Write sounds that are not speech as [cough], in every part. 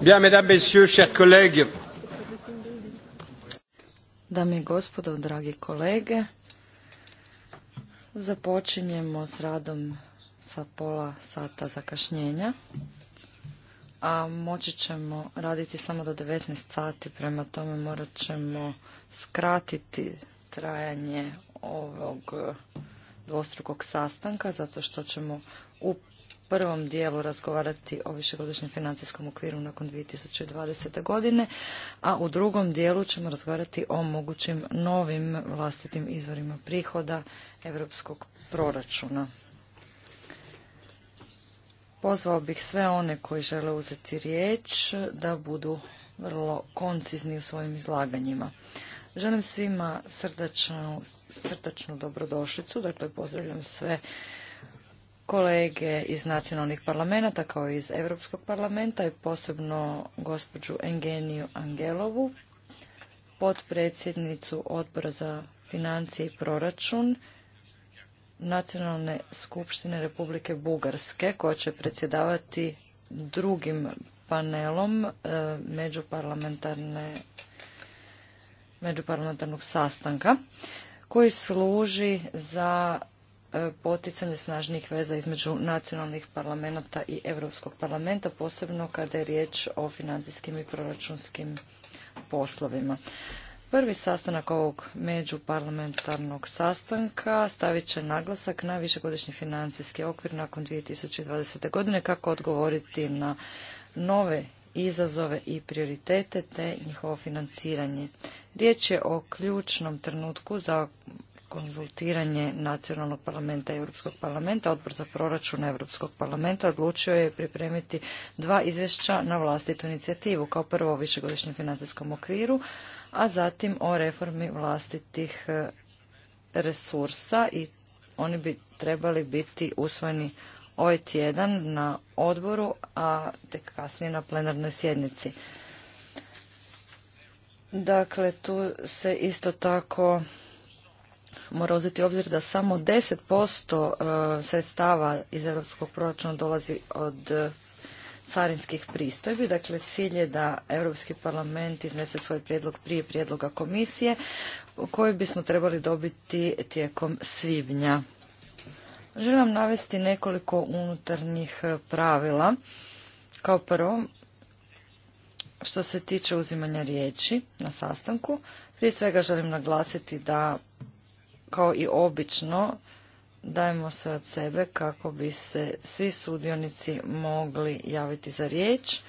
Dame i gospodo, dragi kolege, započinjemo s radom sa pola sata zakašnjenja, a moći ćemo raditi samo do 19 sati, prema tome morat ćemo skratiti trajanje ovog dvostrukog sastanka zato što ćemo u prvom dijelu razgovarati o višegodišnjem financijskom okviru nakon 2020. godine, a u drugom dijelu ćemo razgovarati o mogućim novim vlastitim izvorima prihoda europskog proračuna. Pozvao bih sve one koji žele uzeti riječ da budu vrlo koncizni u svojim izlaganjima. Želim svima srdačnu, dobrodošlicu, dakle pozdravljam sve kolege iz nacionalnih parlamenta kao i iz Europskog parlamenta i posebno gospođu Engeniju Angelovu, potpredsjednicu odbora za financije i proračun Nacionalne skupštine Republike Bugarske koja će predsjedavati drugim panelom e, međuparlamentarne međuparlamentarnog sastanka koji služi za e, poticanje snažnih veza između nacionalnih parlamenta i Europskog parlamenta, posebno kada je riječ o financijskim i proračunskim poslovima. Prvi sastanak ovog međuparlamentarnog sastanka stavit će naglasak na višegodišnji financijski okvir nakon 2020. godine kako odgovoriti na nove izazove i prioritete te njihovo financiranje. Riječ je o ključnom trenutku za konzultiranje Nacionalnog parlamenta i Europskog parlamenta, odbor za proračun Europskog parlamenta odlučio je pripremiti dva izvješća na vlastitu inicijativu, kao prvo o višegodišnjem financijskom okviru, a zatim o reformi vlastitih e, resursa i oni bi trebali biti usvojeni ovaj tjedan na odboru, a tek kasnije na plenarnoj sjednici. Dakle, tu se isto tako mora uzeti obzir da samo 10% e, sredstava iz europskog proračuna dolazi od carinskih pristojbi. Dakle, cilj je da Europski parlament iznese svoj prijedlog prije prijedloga komisije koji bismo trebali dobiti tijekom svibnja. Želim vam navesti nekoliko unutarnjih e, pravila. Kao prvo, što se tiče uzimanja riječi na sastanku, prije svega želim naglasiti da, kao i obično, dajemo sve od sebe kako bi se svi sudionici mogli javiti za riječ,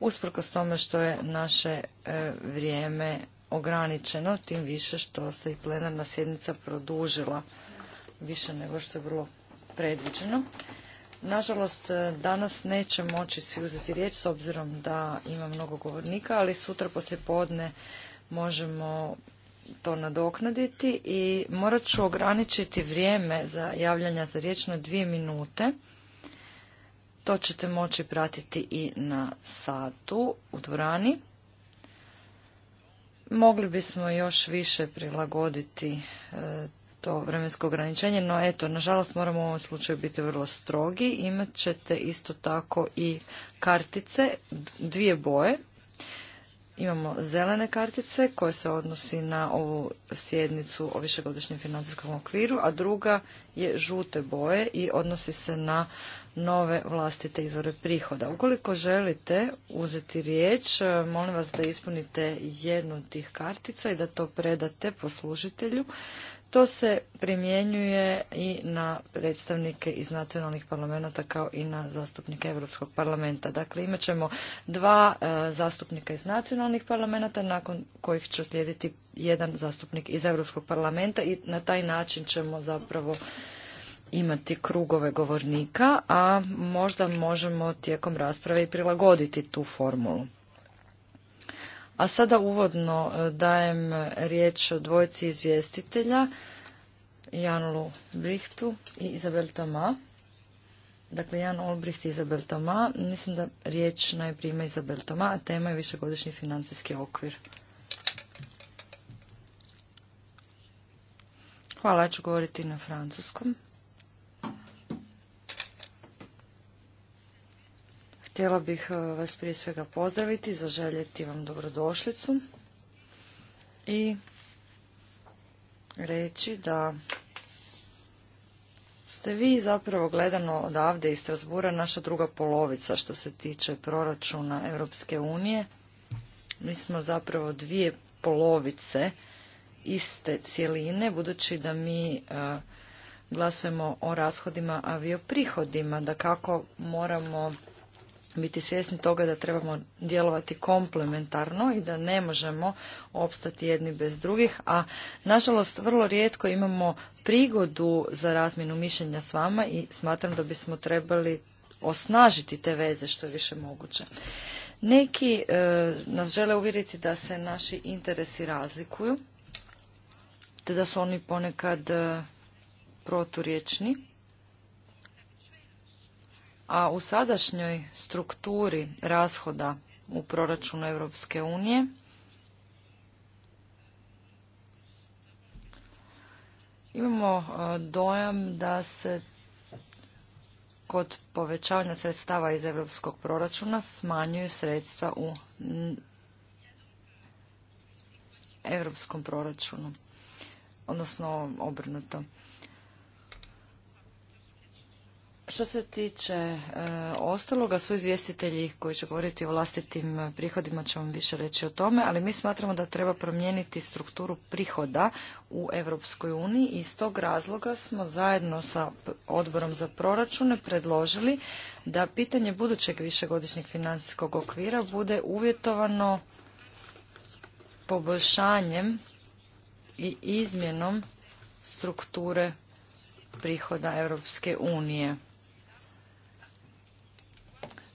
usprkos tome što je naše e, vrijeme ograničeno, tim više što se i plenarna sjednica produžila više nego što je bilo predviđeno. Nažalost, e, danas neće moći svi uzeti riječ s obzirom da ima mnogo govornika, ali sutra poslijepodne podne možemo to nadoknaditi i morat ću ograničiti vrijeme za javljanja za riječ na dvije minute. To ćete moći pratiti i na satu u dvorani. Mogli bismo još više prilagoditi e, to vremensko ograničenje, no eto, nažalost moramo u ovom slučaju biti vrlo strogi. Imat ćete isto tako i kartice, dvije boje. Imamo zelene kartice koje se odnosi na ovu sjednicu o višegodišnjem financijskom okviru, a druga je žute boje i odnosi se na nove vlastite izvore prihoda. Ukoliko želite uzeti riječ, e, molim vas da ispunite jednu od tih kartica i da to predate poslužitelju to se primjenjuje i na predstavnike iz nacionalnih parlamenta kao i na zastupnike Europskog parlamenta. Dakle, imat ćemo dva e, zastupnika iz nacionalnih parlamenta nakon kojih će slijediti jedan zastupnik iz Europskog parlamenta i na taj način ćemo zapravo imati krugove govornika, a možda možemo tijekom rasprave i prilagoditi tu formulu. A sada uvodno e, dajem riječ dvojci izvjestitelja, Janu Brihtu i Izabel Toma. Dakle, Jan Olbricht i Izabel Toma. Mislim da riječ najprije Izabel Toma, a tema je višegodišnji financijski okvir. Hvala, ja ću govoriti na francuskom. Htjela bih e, vas prije svega pozdraviti, zaželjeti vam dobrodošlicu i reći da ste vi zapravo gledano odavde iz Strasbura naša druga polovica što se tiče proračuna Europske unije. Mi smo zapravo dvije polovice iste cijeline, budući da mi e, glasujemo o rashodima, a vi o prihodima, da kako moramo biti svjesni toga da trebamo djelovati komplementarno i da ne možemo opstati jedni bez drugih, a nažalost vrlo rijetko imamo prigodu za razmjenu mišljenja s vama i smatram da bismo trebali osnažiti te veze što je više moguće. Neki e, nas žele uvjeriti da se naši interesi razlikuju, te da su oni ponekad e, proturječni a u sadašnjoj strukturi rashoda u proračunu Europske unije imamo e, dojam da se kod povećavanja sredstava iz europskog proračuna smanjuju sredstva u europskom proračunu, odnosno obrnuto. Što se tiče e, ostaloga, su izvjestitelji koji će govoriti o vlastitim prihodima, ćemo vam više reći o tome, ali mi smatramo da treba promijeniti strukturu prihoda u Europskoj uniji i iz tog razloga smo zajedno sa odborom za proračune predložili da pitanje budućeg višegodišnjeg financijskog okvira bude uvjetovano poboljšanjem i izmjenom strukture prihoda Europske unije.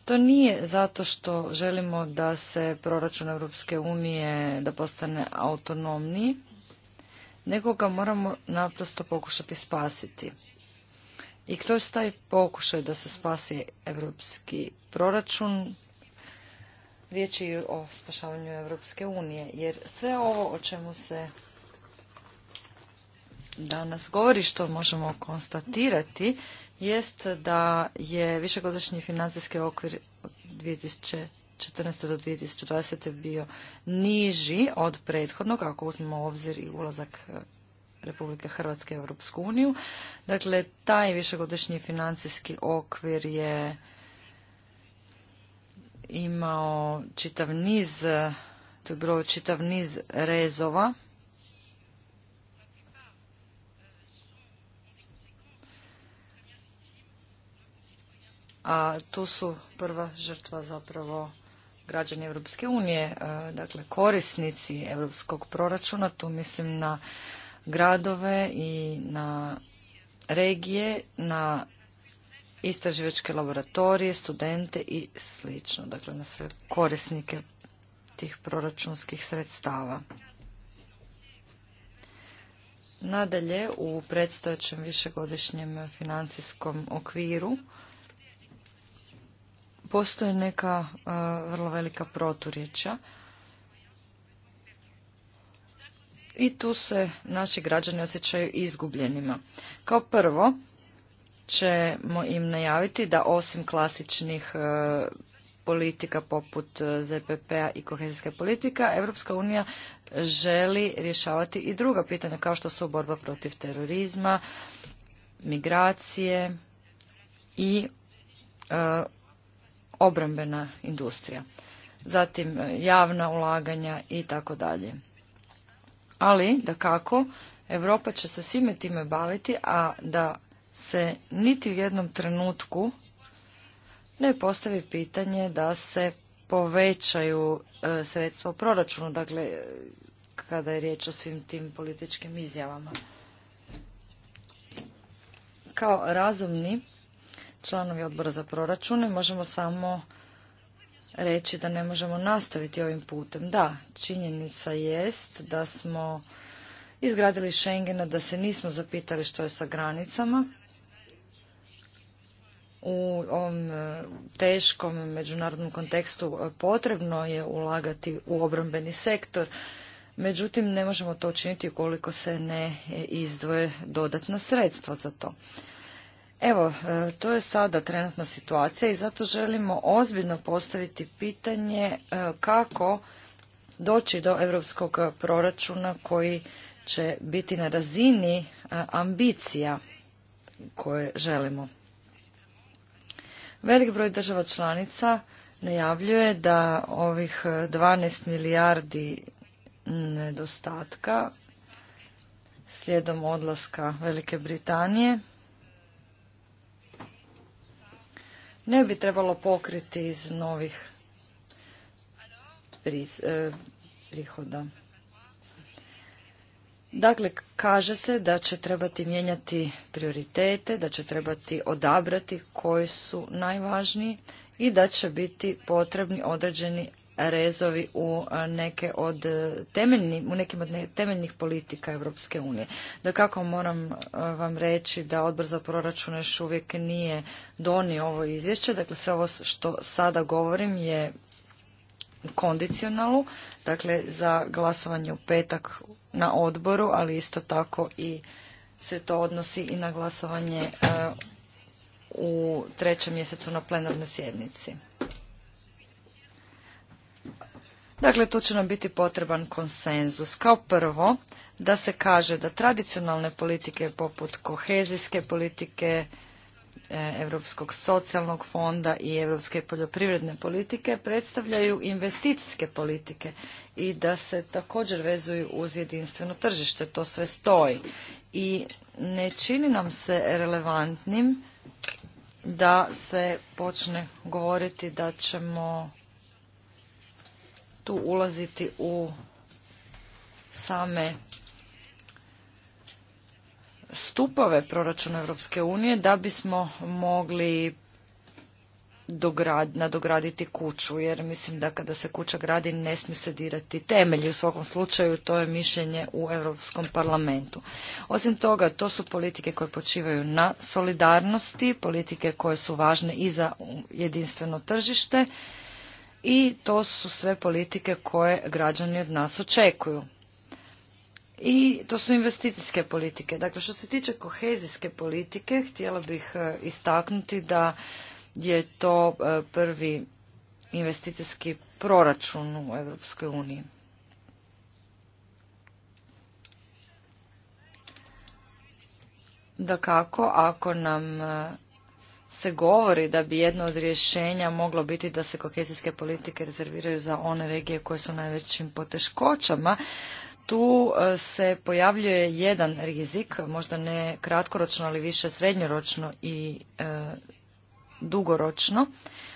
To nije zato što želimo da se proračun Europske unije da postane autonomniji, nego ga moramo naprosto pokušati spasiti. I kroz taj pokušaj da se spasi europski proračun, riječ je o spašavanju Europske unije, jer sve ovo o čemu se danas govori, što možemo konstatirati, jest da je višegodišnji financijski okvir od 2014. do 2020. bio niži od prethodnog, ako uzmemo obzir i ulazak e, Republike Hrvatske u Europsku uniju. Dakle, taj višegodišnji financijski okvir je imao čitav niz, to je bilo čitav niz rezova a tu su prva žrtva zapravo građani Europske unije, e, dakle korisnici europskog proračuna, tu mislim na gradove i na regije, na istraživačke laboratorije, studente i slično, dakle na sve korisnike tih proračunskih sredstava. Nadalje, u predstojećem višegodišnjem financijskom okviru postoje neka e, vrlo velika proturječa i tu se naši građani osjećaju izgubljenima. Kao prvo ćemo im najaviti da osim klasičnih e, politika poput e, ZPP-a i kohezijska politika, Europska unija želi rješavati i druga pitanja kao što su borba protiv terorizma, migracije i obrambena industrija, zatim e, javna ulaganja i tako dalje. Ali, da kako, Europa će se svime time baviti, a da se niti u jednom trenutku ne postavi pitanje da se povećaju e, sredstva u proračunu, dakle, kada je riječ o svim tim političkim izjavama. Kao razumni članovi odbora za proračune, možemo samo reći da ne možemo nastaviti ovim putem. Da, činjenica jest da smo izgradili Schengena, da se nismo zapitali što je sa granicama. U ovom e, teškom međunarodnom kontekstu e, potrebno je ulagati u obrambeni sektor. Međutim, ne možemo to učiniti ukoliko se ne izdvoje dodatna sredstva za to. Evo, e, to je sada trenutna situacija i zato želimo ozbiljno postaviti pitanje e, kako doći do europskog proračuna koji će biti na razini e, ambicija koje želimo. Velik broj država članica najavljuje da ovih 12 milijardi nedostatka slijedom odlaska Velike Britanije ne bi trebalo pokriti iz novih e, prihoda. Dakle, kaže se da će trebati mijenjati prioritete, da će trebati odabrati koji su najvažniji i da će biti potrebni određeni rezovi u neke od e, temeljni, u nekim od temeljnih politika Europske unije. Da kako moram e, vam reći da odbor za proračun još uvijek nije donio ovo izvješće, dakle sve ovo što sada govorim je kondicionalu, dakle za glasovanje u petak na odboru, ali isto tako i se to odnosi i na glasovanje e, u trećem mjesecu na plenarnoj sjednici. Dakle, tu će nam biti potreban konsenzus. Kao prvo, da se kaže da tradicionalne politike poput kohezijske politike, e, Europskog socijalnog fonda i Europske poljoprivredne politike predstavljaju investicijske politike i da se također vezuju uz jedinstveno tržište. To sve stoji. I ne čini nam se relevantnim da se počne govoriti da ćemo tu ulaziti u same stupove proračuna Europske unije da bismo mogli dograd, nadograditi kuću, jer mislim da kada se kuća gradi ne smije se dirati temelji. U svakom slučaju to je mišljenje u Europskom parlamentu. Osim toga, to su politike koje počivaju na solidarnosti, politike koje su važne i za jedinstveno tržište i to su sve politike koje građani od nas očekuju. I to su investicijske politike. Dakle, što se tiče kohezijske politike, htjela bih e, istaknuti da je to e, prvi investicijski proračun u Europskoj uniji. Da kako, ako nam e, se govori da bi jedno od rješenja moglo biti da se kohezijske politike rezerviraju za one regije koje su najvećim poteškoćama. Tu e, se pojavljuje jedan rizik, možda ne kratkoročno, ali više srednjoročno i e, dugoročno,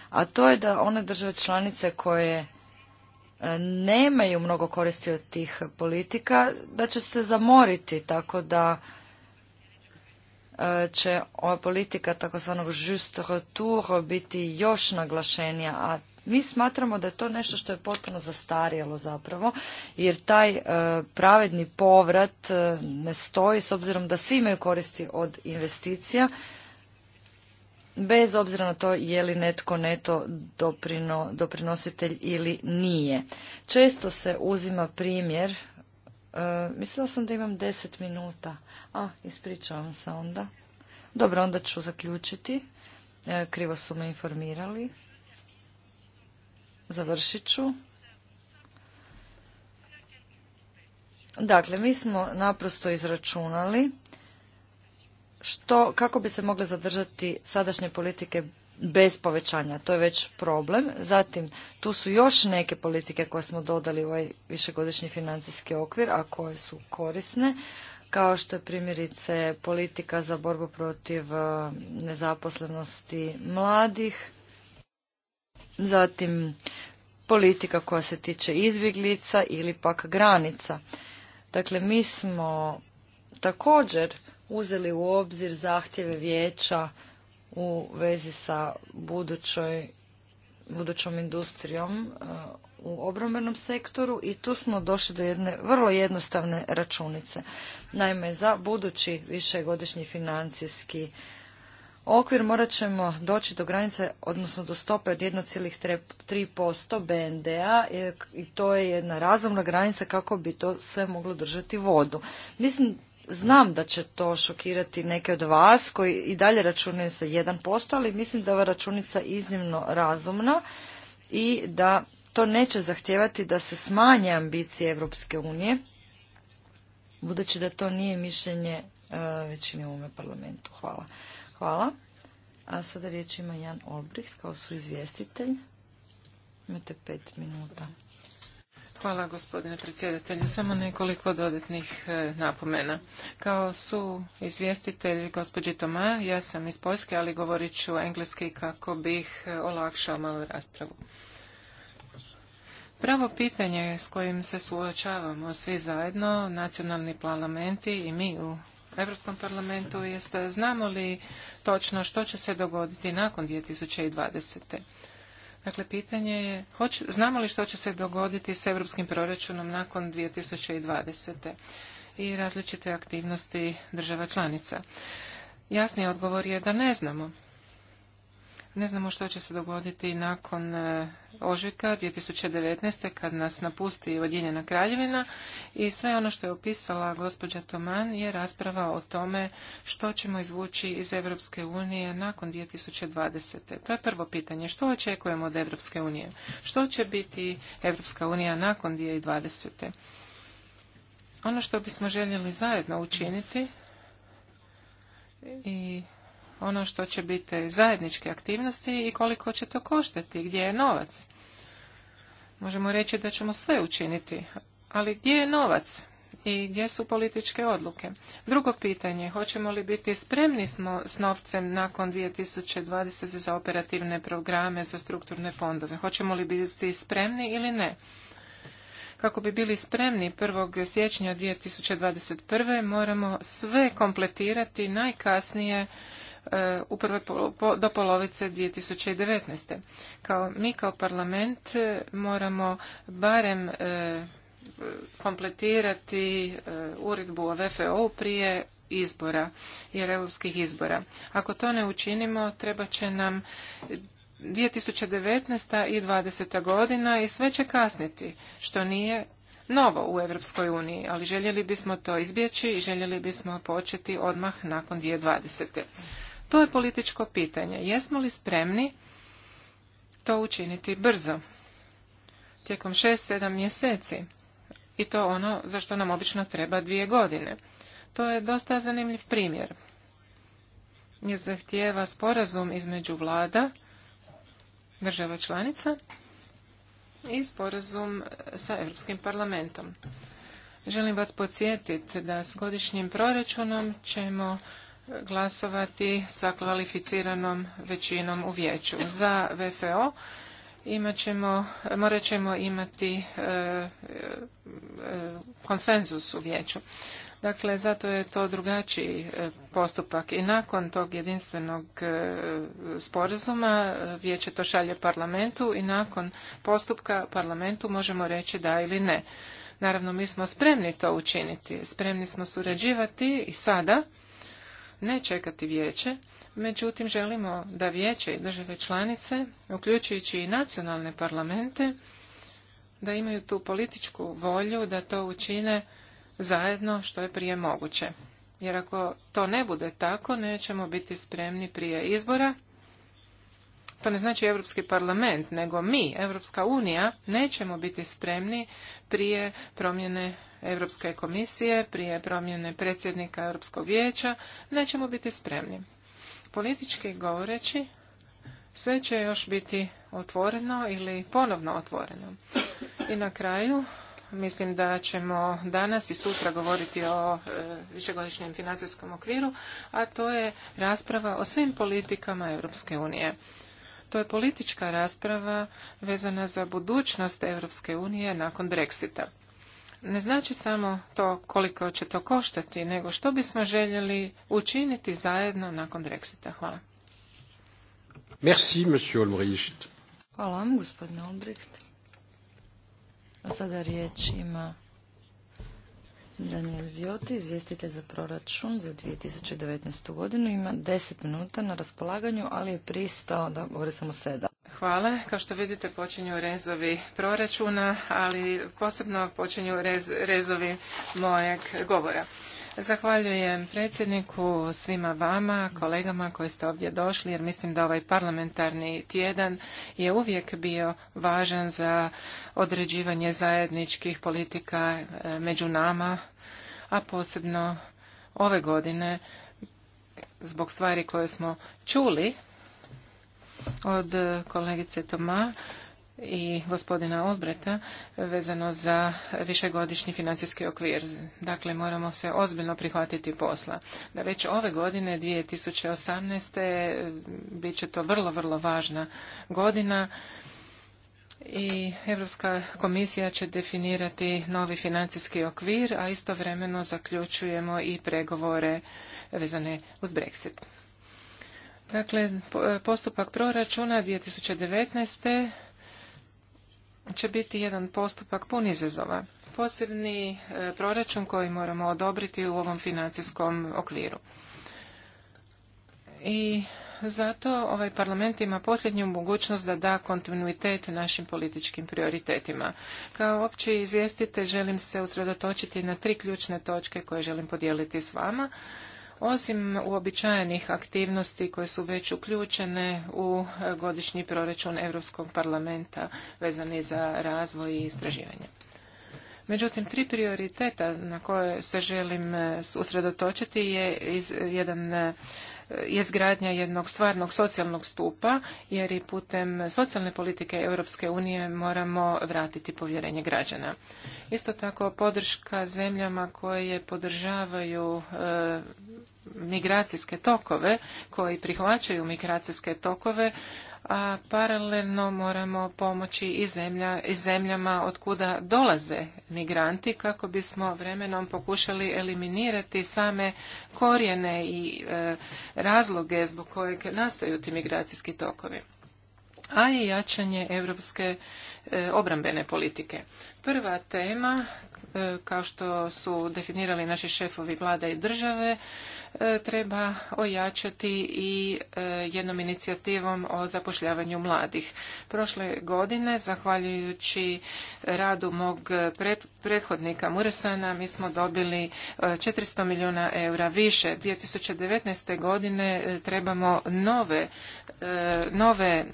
a to je da one države članice koje e, nemaju mnogo koristi od tih politika, da će se zamoriti, tako da će ova politika takozvanog just retour biti još naglašenija, a mi smatramo da je to nešto što je potpuno zastarjelo zapravo, jer taj e, pravedni povrat e, ne stoji s obzirom da svi imaju koristi od investicija, bez obzira na to je li netko neto doprinositelj ili nije. Često se uzima primjer E, mislila sam da imam deset minuta. A, ispričavam se onda. Dobro, onda ću zaključiti. E, krivo su me informirali. Završit ću. Dakle, mi smo naprosto izračunali što, kako bi se mogle zadržati sadašnje politike bez povećanja. To je već problem. Zatim, tu su još neke politike koje smo dodali u ovaj višegodišnji financijski okvir, a koje su korisne, kao što je primjerice politika za borbu protiv e, nezaposlenosti mladih, zatim politika koja se tiče izbjeglica ili pak granica. Dakle, mi smo također uzeli u obzir zahtjeve vijeća u vezi sa budućoj, budućom industrijom e, u obrambenom sektoru i tu smo došli do jedne vrlo jednostavne računice. Naime, za budući višegodišnji financijski okvir morat ćemo doći do granice, odnosno do stope od 1,3% BND-a e, i to je jedna razumna granica kako bi to sve moglo držati vodu. Mislim Znam da će to šokirati neke od vas koji i dalje računaju sa 1%, ali mislim da je ova računica iznimno razumna i da to neće zahtijevati da se smanje ambicije Europske unije, budući da to nije mišljenje e, većine u ovome parlamentu. Hvala. Hvala. A sada riječ ima Jan Olbricht kao su izvjestitelj. Imate pet minuta. Hvala gospodine predsjedatelju. Samo nekoliko dodatnih e, napomena. Kao su izvjestitelj gospođi Toma, ja sam iz Poljske, ali govorit ću engleski kako bih e, olakšao malu raspravu. Pravo pitanje s kojim se suočavamo svi zajedno, nacionalni parlamenti i mi u Europskom parlamentu, jeste znamo li točno što će se dogoditi nakon 2020. Dakle, pitanje je, znamo li što će se dogoditi s europskim proračunom nakon 2020. i različite aktivnosti država članica? Jasni odgovor je da ne znamo. Ne znamo što će se dogoditi nakon e, ožujka 2019. kad nas napusti Ujedinjena kraljevina i sve ono što je opisala gospođa Toman je rasprava o tome što ćemo izvući iz Europske unije nakon 2020. To je prvo pitanje. Što očekujemo od Europske unije? Što će biti Europska unija nakon 2020. Ono što bismo željeli zajedno učiniti i ono što će biti zajedničke aktivnosti i koliko će to koštati, gdje je novac. Možemo reći da ćemo sve učiniti, ali gdje je novac i gdje su političke odluke? Drugo pitanje, hoćemo li biti spremni smo s novcem nakon 2020 za operativne programe, za strukturne fondove? Hoćemo li biti spremni ili ne? Kako bi bili spremni 1. siječnja 2021. moramo sve kompletirati najkasnije u prve do polovice 2019. Kao mi kao parlament e, moramo barem e, kompletirati e, uredbu o VFO prije izbora, i europskih izbora. Ako to ne učinimo, treba će nam 2019. i 2020. godina i sve će kasniti, što nije novo u Europskoj uniji, ali željeli bismo to izbjeći i željeli bismo početi odmah nakon 2020. To je političko pitanje. Jesmo li spremni to učiniti brzo? Tijekom 6-7 mjeseci. I to ono za što nam obično treba dvije godine. To je dosta zanimljiv primjer. Je zahtijeva sporazum između vlada, država članica i sporazum sa Europskim parlamentom. Želim vas podsjetiti da s godišnjim proračunom ćemo glasovati sa kvalificiranom većinom u vijeću. Za VFO imat ćemo, morat ćemo imati e, e, konsenzus u vijeću. Dakle, zato je to drugačiji e, postupak i nakon tog jedinstvenog sporazuma vijeće to šalje parlamentu i nakon postupka parlamentu možemo reći da ili ne. Naravno, mi smo spremni to učiniti. Spremni smo surađivati i sada ne čekati vijeće, međutim želimo da vijeće i države članice, uključujući i nacionalne parlamente, da imaju tu političku volju da to učine zajedno što je prije moguće. Jer ako to ne bude tako, nećemo biti spremni prije izbora to ne znači Europski parlament, nego mi, Europska unija, nećemo biti spremni prije promjene Europske komisije, prije promjene predsjednika Europskog vijeća, nećemo biti spremni. Politički govoreći, sve će još biti otvoreno ili ponovno otvoreno. I na kraju, mislim da ćemo danas i sutra govoriti o e, višegodišnjem financijskom okviru, a to je rasprava o svim politikama Europske unije. To je politička rasprava vezana za budućnost Europske unije nakon Brexita. Ne znači samo to koliko će to koštati, nego što bismo željeli učiniti zajedno nakon Brexita. Hvala. Merci, monsieur Hvala gospodine A sada riječ ima Daniel Vjoti, izvjestitelj za proračun za 2019. godinu, ima 10 minuta na raspolaganju, ali je pristao da govori samo 7. Hvala. Kao što vidite počinju rezovi proračuna, ali posebno počinju rezovi mojeg govora. Zahvaljujem predsjedniku, svima vama, kolegama koji ste ovdje došli, jer mislim da ovaj parlamentarni tjedan je uvijek bio važan za određivanje zajedničkih politika e, među nama, a posebno ove godine zbog stvari koje smo čuli od kolegice Toma i gospodina Olbreta vezano za višegodišnji financijski okvir. Dakle, moramo se ozbiljno prihvatiti posla. Da već ove godine, 2018. bit će to vrlo, vrlo važna godina i Europska komisija će definirati novi financijski okvir, a istovremeno zaključujemo i pregovore vezane uz Brexit. Dakle, postupak proračuna 2019 će biti jedan postupak pun izazova. Posebni e, proračun koji moramo odobriti u ovom financijskom okviru. I zato ovaj parlament ima posljednju mogućnost da da kontinuitet našim političkim prioritetima. Kao opći izvjestite želim se usredotočiti na tri ključne točke koje želim podijeliti s vama osim uobičajenih aktivnosti koje su već uključene u godišnji proračun Europskog parlamenta vezani za razvoj i istraživanje. Međutim, tri prioriteta na koje se želim eh, usredotočiti je iz, jedan eh, je zgradnja jednog stvarnog socijalnog stupa, jer i putem socijalne politike Europske unije moramo vratiti povjerenje građana. Isto tako podrška zemljama koje podržavaju eh, migracijske tokove koji prihvaćaju migracijske tokove a paralelno moramo pomoći i, zemlja, i zemljama od kuda dolaze migranti kako bismo vremenom pokušali eliminirati same korijene i e, razloge zbog kojeg nastaju ti migracijski tokovi a i jačanje europske e, obrambene politike. Prva tema E, kao što su definirali naši šefovi vlada i države, e, treba ojačati i e, jednom inicijativom o zapošljavanju mladih. Prošle godine, zahvaljujući radu mog prethodnika Muresana, mi smo dobili 400 milijuna eura više. 2019. godine trebamo nove nove,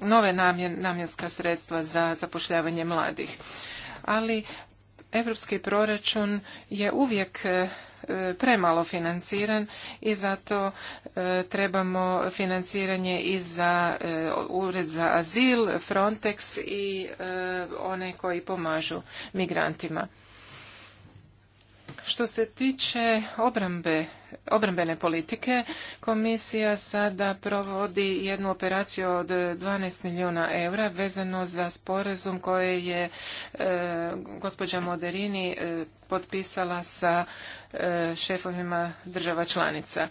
nove namjenska sredstva za zapošljavanje mladih ali europski proračun je uvijek e, premalo financiran i zato e, trebamo financiranje i za e, ured za azil, Frontex i one koji pomažu migrantima. Što se tiče obrambene politike, komisija sada provodi jednu operaciju od 12 milijuna eura vezano za sporazum koje je e, gospođa Moderini e, potpisala sa e, šefovima država članica.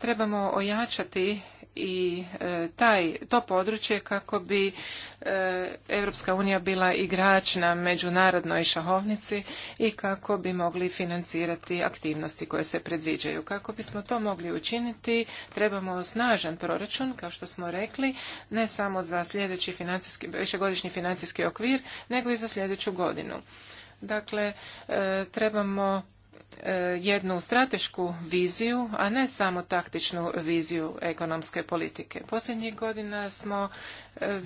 Trebamo ojačati i e, taj, to područje kako bi Europska unija bila igrač na međunarodnoj šahovnici i kako bi mogli financirati aktivnosti koje se predviđaju. Kako bismo to mogli učiniti, trebamo snažan proračun, kao što smo rekli, ne samo za sljedeći financijski, višegodišnji financijski okvir, nego i za sljedeću godinu. Dakle, e, trebamo E, jednu stratešku viziju, a ne samo taktičnu viziju ekonomske politike. Posljednjih godina smo e,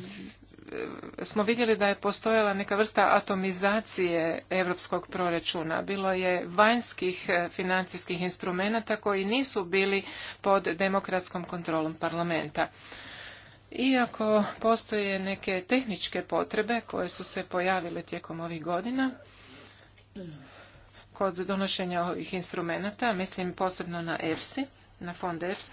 smo vidjeli da je postojala neka vrsta atomizacije europskog proračuna. Bilo je vanjskih e, financijskih instrumenata koji nisu bili pod demokratskom kontrolom parlamenta. Iako postoje neke tehničke potrebe koje su se pojavile tijekom ovih godina, kod donošenja ovih instrumenata, mislim posebno na EFSI, na fond EFSI,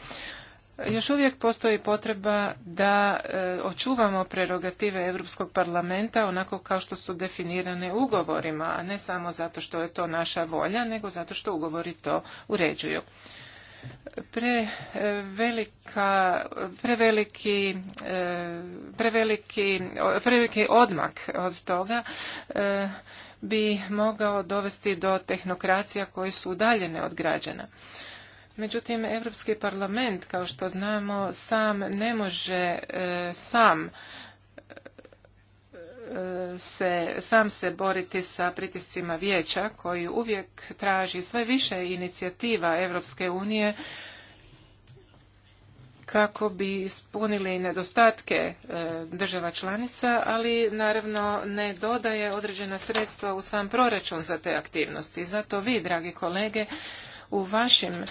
još uvijek postoji potreba da e, očuvamo prerogative Europskog parlamenta onako kao što su definirane ugovorima, a ne samo zato što je to naša volja, nego zato što ugovori to uređuju. E, e, preveliki, preveliki, odmak od toga bi mogao dovesti do tehnokracija koje su udaljene od građana. Međutim, Europski parlament, kao što znamo, sam ne može e, sam e, se, sam se boriti sa pritiscima vijeća koji uvijek traži sve više inicijativa Europske unije kako bi ispunili nedostatke e, država članica, ali naravno ne dodaje određena sredstva u sam proračun za te aktivnosti. Zato vi, dragi kolege, u vašim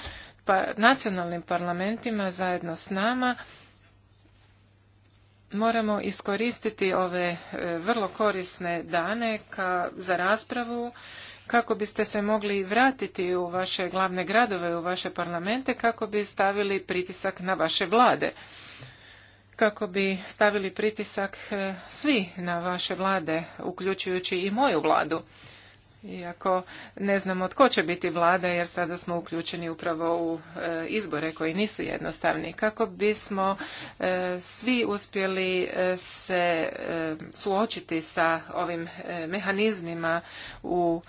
pa, nacionalnim parlamentima zajedno s nama moramo iskoristiti ove e, vrlo korisne dane za raspravu kako biste se mogli vratiti u vaše glavne gradove, u vaše parlamente, kako bi stavili pritisak na vaše vlade. Kako bi stavili pritisak eh, svi na vaše vlade, uključujući i moju vladu iako ne znamo tko će biti vlada jer sada smo uključeni upravo u e, izbore koji nisu jednostavni kako bismo e, svi uspjeli e, se suočiti sa ovim mehanizmima u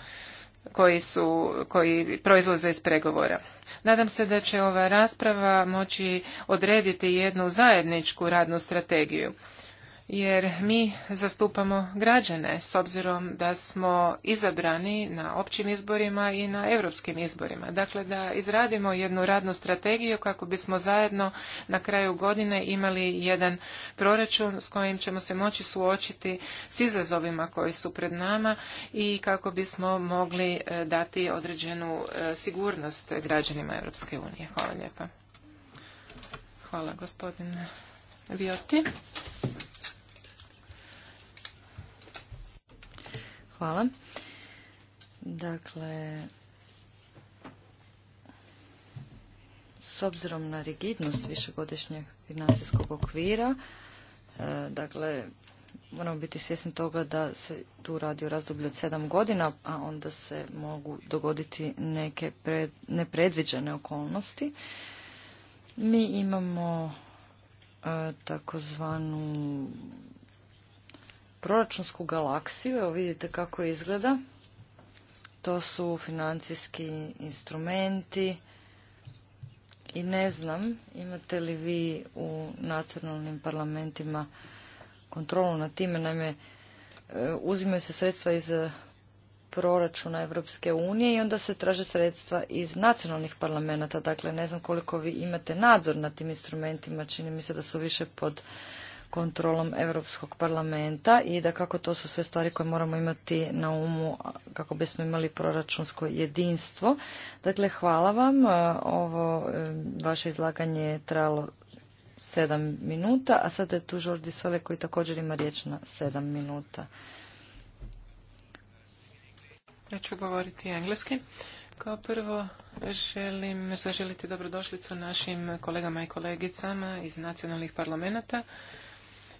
koji, su, koji proizlaze iz pregovora. Nadam se da će ova rasprava moći odrediti jednu zajedničku radnu strategiju jer mi zastupamo građane s obzirom da smo izabrani na općim izborima i na europskim izborima. Dakle, da izradimo jednu radnu strategiju kako bismo zajedno na kraju godine imali jedan proračun s kojim ćemo se moći suočiti s izazovima koji su pred nama i kako bismo mogli e, dati određenu e, sigurnost građanima Europske unije. Hvala lijepa. Hvala gospodine Vioti. Hvala. Dakle, s obzirom na rigidnost višegodišnjeg financijskog okvira, e, dakle, moramo biti svjesni toga da se tu radi o razdoblju od sedam godina, a onda se mogu dogoditi neke nepredviđene okolnosti. Mi imamo e, takozvanu proračunsku galaksiju. Evo vidite kako izgleda. To su financijski instrumenti i ne znam imate li vi u nacionalnim parlamentima kontrolu nad time. Naime, e, uzimaju se sredstva iz proračuna Europske unije i onda se traže sredstva iz nacionalnih parlamenta. Dakle, ne znam koliko vi imate nadzor na tim instrumentima. Čini mi se da su više pod kontrolom Europskog parlamenta i da kako to su sve stvari koje moramo imati na umu kako bismo imali proračunsko jedinstvo. Dakle, hvala vam. E, ovo e, vaše izlaganje je trajalo sedam minuta, a sada je tu Žordi Sole koji također ima riječ na sedam minuta. Ja ću govoriti engleski. Kao prvo želim zaželiti dobrodošlicu našim kolegama i kolegicama iz nacionalnih parlamenta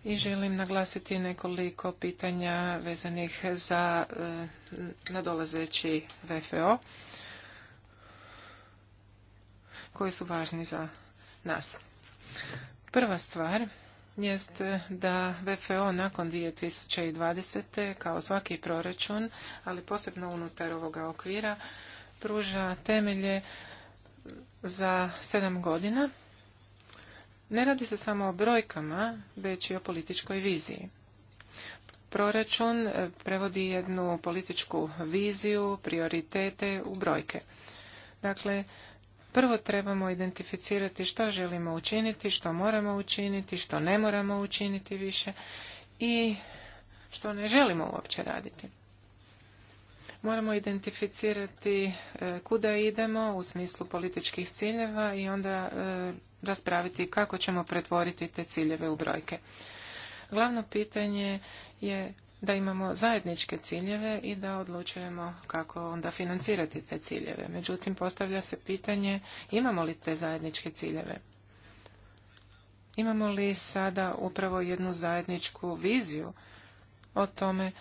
i želim naglasiti nekoliko pitanja vezanih za e, nadolazeći VFO koji su važni za nas. Prva stvar jest da VFO nakon 2020. kao svaki proračun, ali posebno unutar ovoga okvira, pruža temelje za sedam godina ne radi se samo o brojkama, već i o političkoj viziji. Proračun e, prevodi jednu političku viziju, prioritete u brojke. Dakle, prvo trebamo identificirati što želimo učiniti, što moramo učiniti, što ne moramo učiniti više i što ne želimo uopće raditi. Moramo identificirati e, kuda idemo u smislu političkih ciljeva i onda e, raspraviti kako ćemo pretvoriti te ciljeve u brojke. Glavno pitanje je da imamo zajedničke ciljeve i da odlučujemo kako onda financirati te ciljeve. Međutim, postavlja se pitanje imamo li te zajedničke ciljeve? Imamo li sada upravo jednu zajedničku viziju o tome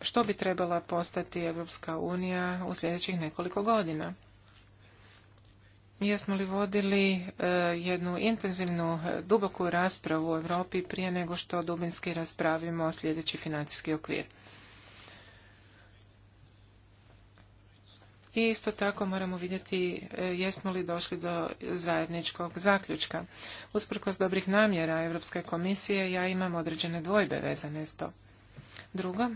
što bi trebala postati Europska unija u sljedećih nekoliko godina? jesmo li vodili e, jednu intenzivnu, e, duboku raspravu u Europi prije nego što dubinski raspravimo sljedeći financijski okvir. I isto tako moramo vidjeti e, jesmo li došli do zajedničkog zaključka. Usprkos dobrih namjera Europske komisije ja imam određene dvojbe vezane s to. Drugo,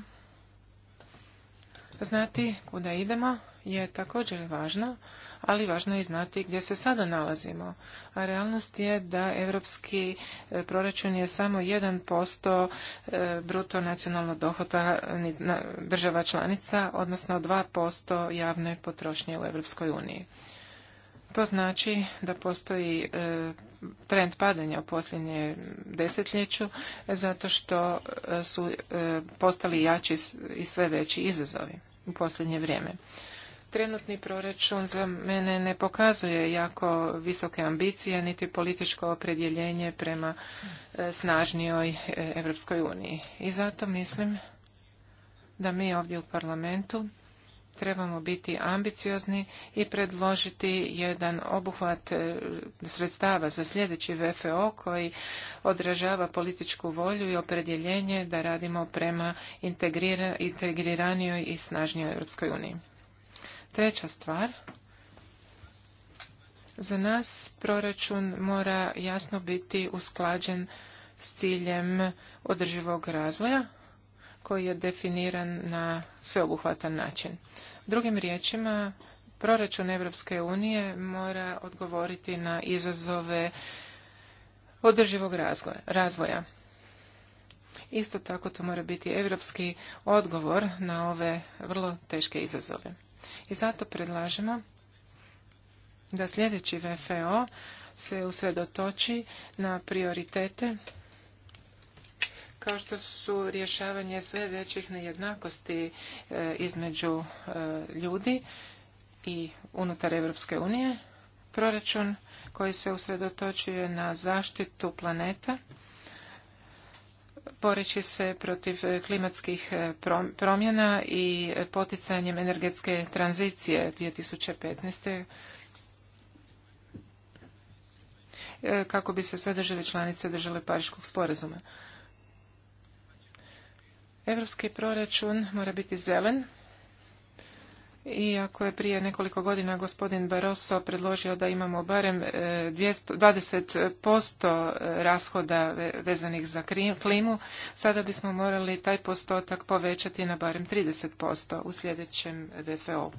znati kuda idemo je također važno ali važno je znati gdje se sada nalazimo. A realnost je da europski e, proračun je samo 1% e, bruto nacionalnog dohoda država članica, odnosno 2% javne potrošnje u Evropskoj uniji. To znači da postoji e, trend padanja u posljednje desetljeću zato što su postali jači i sve veći izazovi u posljednje vrijeme. Trenutni proračun za mene ne pokazuje jako visoke ambicije niti političko opredjeljenje prema e, snažnijoj Europskoj uniji. I zato mislim da mi ovdje u parlamentu trebamo biti ambiciozni i predložiti jedan obuhvat e, sredstava za sljedeći VFO koji odražava političku volju i opredjeljenje da radimo prema integriranijoj i snažnijoj Europskoj uniji. Treća stvar, za nas proračun mora jasno biti usklađen s ciljem održivog razvoja koji je definiran na sveobuhvatan način. Drugim riječima, proračun Evropske unije mora odgovoriti na izazove održivog razvoja. Isto tako to mora biti europski odgovor na ove vrlo teške izazove. I zato predlažemo da sljedeći VFO se usredotoči na prioritete kao što su rješavanje sve većih nejednakosti e, između e, ljudi i unutar Evropske unije, proračun koji se usredotočuje na zaštitu planeta boreći se protiv e, klimatskih e, promjena i poticanjem energetske tranzicije 2015. E, kako bi se sve države članice držale Pariškog sporazuma. Europski proračun mora biti zelen iako je prije nekoliko godina gospodin Barroso predložio da imamo barem 20% e, e, rashoda vezanih za klimu, sada bismo morali taj postotak povećati na barem 30% u sljedećem VFO.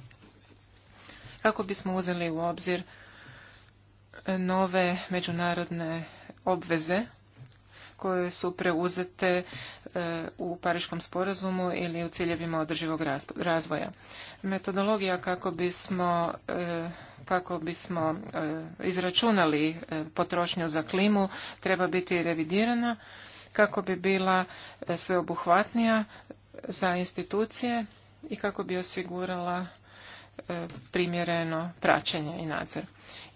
Kako bismo uzeli u obzir e, nove međunarodne obveze koje su preuzete e, u Pariškom sporazumu ili u ciljevima održivog razvoja. Metodologija kako bismo e, kako bismo e, izračunali potrošnju za klimu treba biti revidirana kako bi bila sveobuhvatnija za institucije i kako bi osigurala E, primjereno praćenje i nadzor.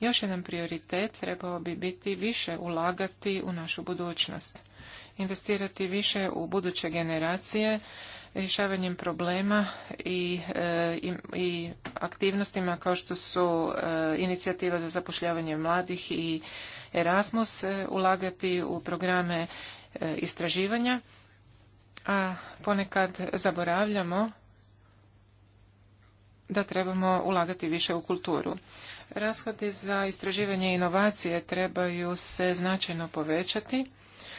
Još jedan prioritet trebao bi biti više ulagati u našu budućnost. Investirati više u buduće generacije, rješavanjem problema i, e, i, i aktivnostima kao što su e, inicijativa za zapošljavanje mladih i Erasmus, ulagati u programe istraživanja, a ponekad zaboravljamo da trebamo ulagati više u kulturu. Rashodi za istraživanje i inovacije trebaju se značajno povećati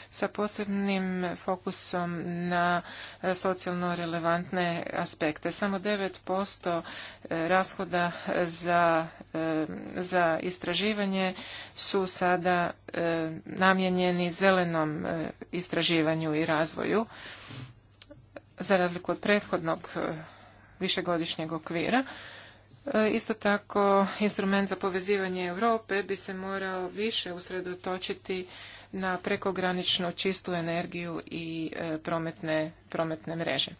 sa posebnim fokusom na e, socijalno relevantne aspekte. Samo 9% e, rashoda za, e, za istraživanje su sada namjenjeni zelenom istraživanju i razvoju za razliku od prethodnog višegodišnjeg okvira. E, isto tako, instrument za povezivanje Europe bi se morao više usredotočiti na prekograničnu čistu energiju i e, prometne, prometne mreže.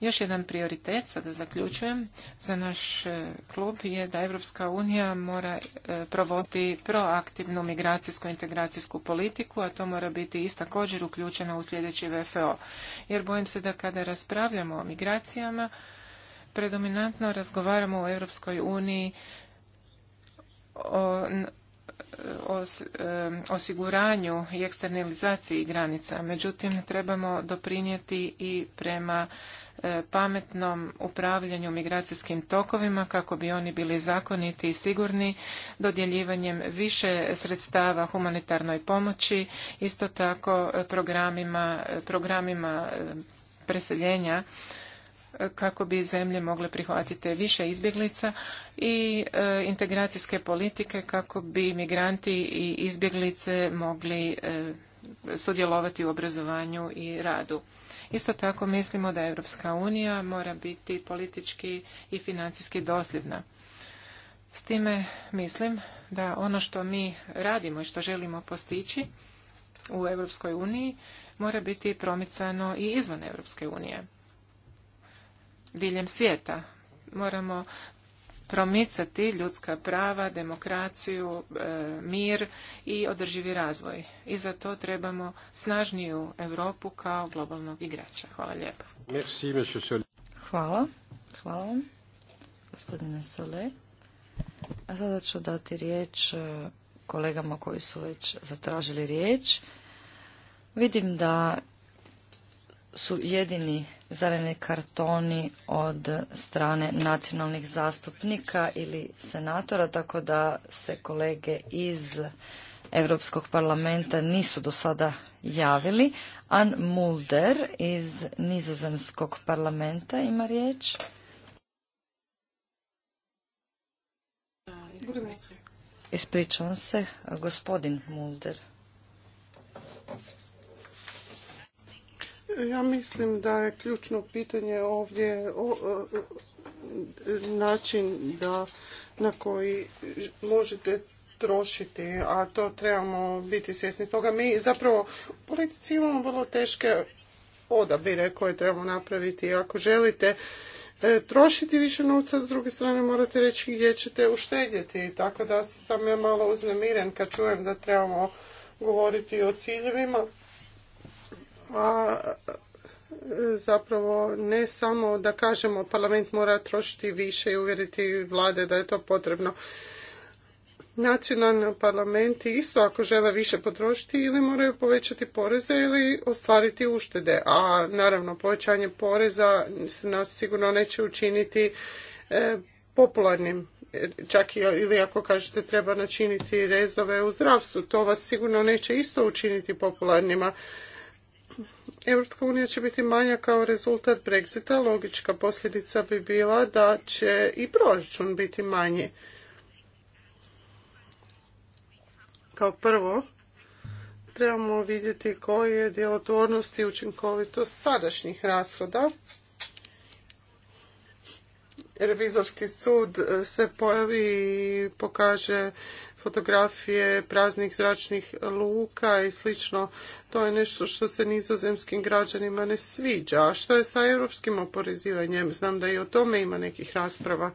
Još jedan prioritet, sada zaključujem, za naš e, klub je da Europska unija mora e, provoditi proaktivnu migracijsku integracijsku politiku, a to mora biti i također uključeno u sljedeći VFO. Jer bojim se da kada raspravljamo o migracijama, predominantno razgovaramo u Evropskoj uniji o osiguranju i eksternalizaciji granica. Međutim, trebamo doprinijeti i prema e, pametnom upravljanju migracijskim tokovima kako bi oni bili zakoniti i sigurni dodjeljivanjem više sredstava humanitarnoj pomoći, isto tako programima, programima e, preseljenja kako bi zemlje mogle prihvatiti više izbjeglica i e, integracijske politike kako bi migranti i izbjeglice mogli e, sudjelovati u obrazovanju i radu. Isto tako mislimo da Europska unija mora biti politički i financijski dosljedna. S time mislim da ono što mi radimo i što želimo postići u Europskoj uniji mora biti promicano i izvan Europske unije diljem svijeta. Moramo promicati ljudska prava, demokraciju, e, mir i održivi razvoj. I za to trebamo snažniju Europu kao globalnog igrača. Hvala lijepo. Hvala. Hvala gospodine Sole. A sada ću dati riječ e, kolegama koji su već zatražili riječ. Vidim da su jedini zeleni kartoni od strane nacionalnih zastupnika ili senatora, tako da se kolege iz Europskog parlamenta nisu do sada javili. Ann Mulder iz Nizozemskog parlamenta ima riječ. Ispričavam se, gospodin Mulder. Ja mislim da je ključno pitanje ovdje način da na koji možete trošiti, a to trebamo biti svjesni toga. Mi zapravo u politici imamo vrlo teške odabire koje trebamo napraviti. Ako želite e, trošiti više novca, s druge strane morate reći gdje ćete uštedjeti. Tako da sam ja malo uznemiren kad čujem da trebamo govoriti o ciljevima a zapravo ne samo da kažemo parlament mora trošiti više i uvjeriti vlade da je to potrebno. Nacionalni parlamenti isto ako žele više potrošiti ili moraju povećati poreze ili ostvariti uštede. A naravno povećanje poreza nas sigurno neće učiniti e, popularnim čak i ili ako kažete treba načiniti rezove u zdravstvu, to vas sigurno neće isto učiniti popularnima. Europska unija će biti manja kao rezultat Brexita. Logička posljedica bi bila da će i proračun biti manji. Kao prvo, trebamo vidjeti koje je djelotvornost i učinkovitost sadašnjih rashoda. Revizorski sud se pojavi i pokaže fotografije praznih zračnih luka i slično. To je nešto što se nizozemskim građanima ne sviđa. A što je sa europskim oporezivanjem? Znam da i o tome ima nekih rasprava.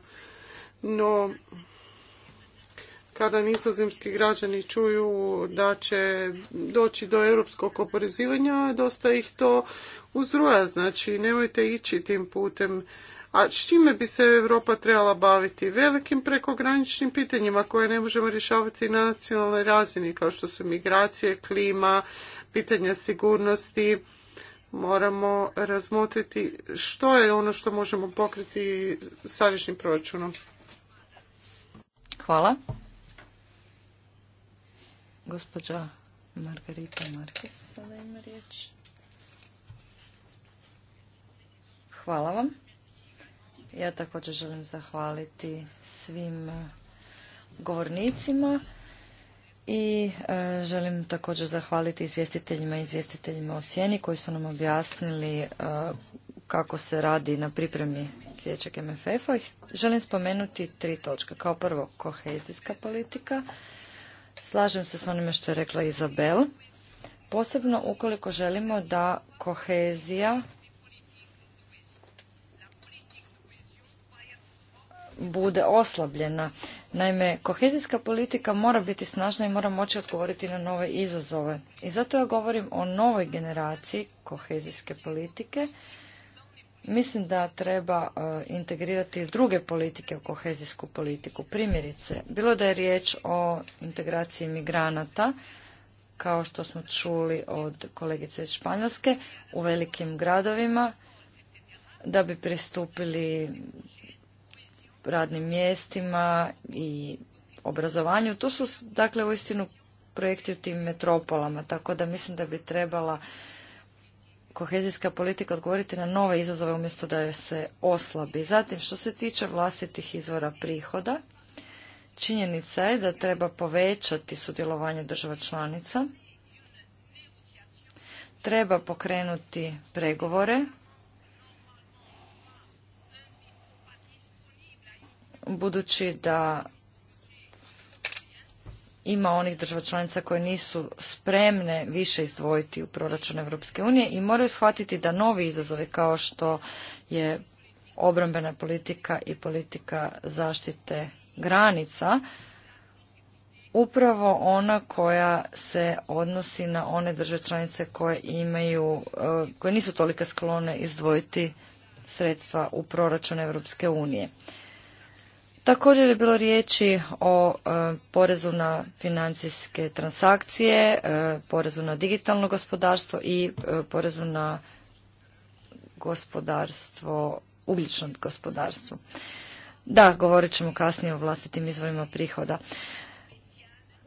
No, kada nizozemski građani čuju da će doći do europskog oporezivanja, dosta ih to uzruja. Znači, nemojte ići tim putem a s čime bi se Europa trebala baviti? Velikim prekograničnim pitanjima koje ne možemo rješavati na nacionalnoj razini, kao što su migracije, klima, pitanja sigurnosti. Moramo razmotriti što je ono što možemo pokriti sadašnjim proračunom. Hvala. Gospođa Margarita sada ima riječ. Hvala vam. Ja također želim zahvaliti svim eh, govornicima i eh, želim također zahvaliti izvjestiteljima i izvjestiteljima o sjeni koji su nam objasnili eh, kako se radi na pripremi sljedećeg MFF-a. Želim spomenuti tri točke. Kao prvo, kohezijska politika. Slažem se s onime što je rekla Izabel. Posebno ukoliko želimo da kohezija bude oslabljena. Naime, kohezijska politika mora biti snažna i mora moći odgovoriti na nove izazove. I zato ja govorim o novoj generaciji kohezijske politike. Mislim da treba e, integrirati druge politike u kohezijsku politiku. Primjerice, bilo da je riječ o integraciji migranata, kao što smo čuli od kolegice iz Španjolske, u velikim gradovima, da bi pristupili radnim mjestima i obrazovanju. To su dakle uistinu projekti u tim metropolama, tako da mislim da bi trebala kohezijska politika odgovoriti na nove izazove umjesto da joj se oslabi. Zatim, što se tiče vlastitih izvora prihoda, činjenica je da treba povećati sudjelovanje država članica, treba pokrenuti pregovore budući da ima onih država članica koje nisu spremne više izdvojiti u proračun Europske unije i moraju shvatiti da novi izazovi kao što je obrambena politika i politika zaštite granica upravo ona koja se odnosi na one države članice koje imaju e, koje nisu toliko sklone izdvojiti sredstva u proračun Europske unije. Također je bilo riječi o e, porezu na financijske transakcije, e, porezu na digitalno gospodarstvo i e, porezu na gospodarstvo, ugljično gospodarstvo. Da, govorit ćemo kasnije o vlastitim izvorima prihoda.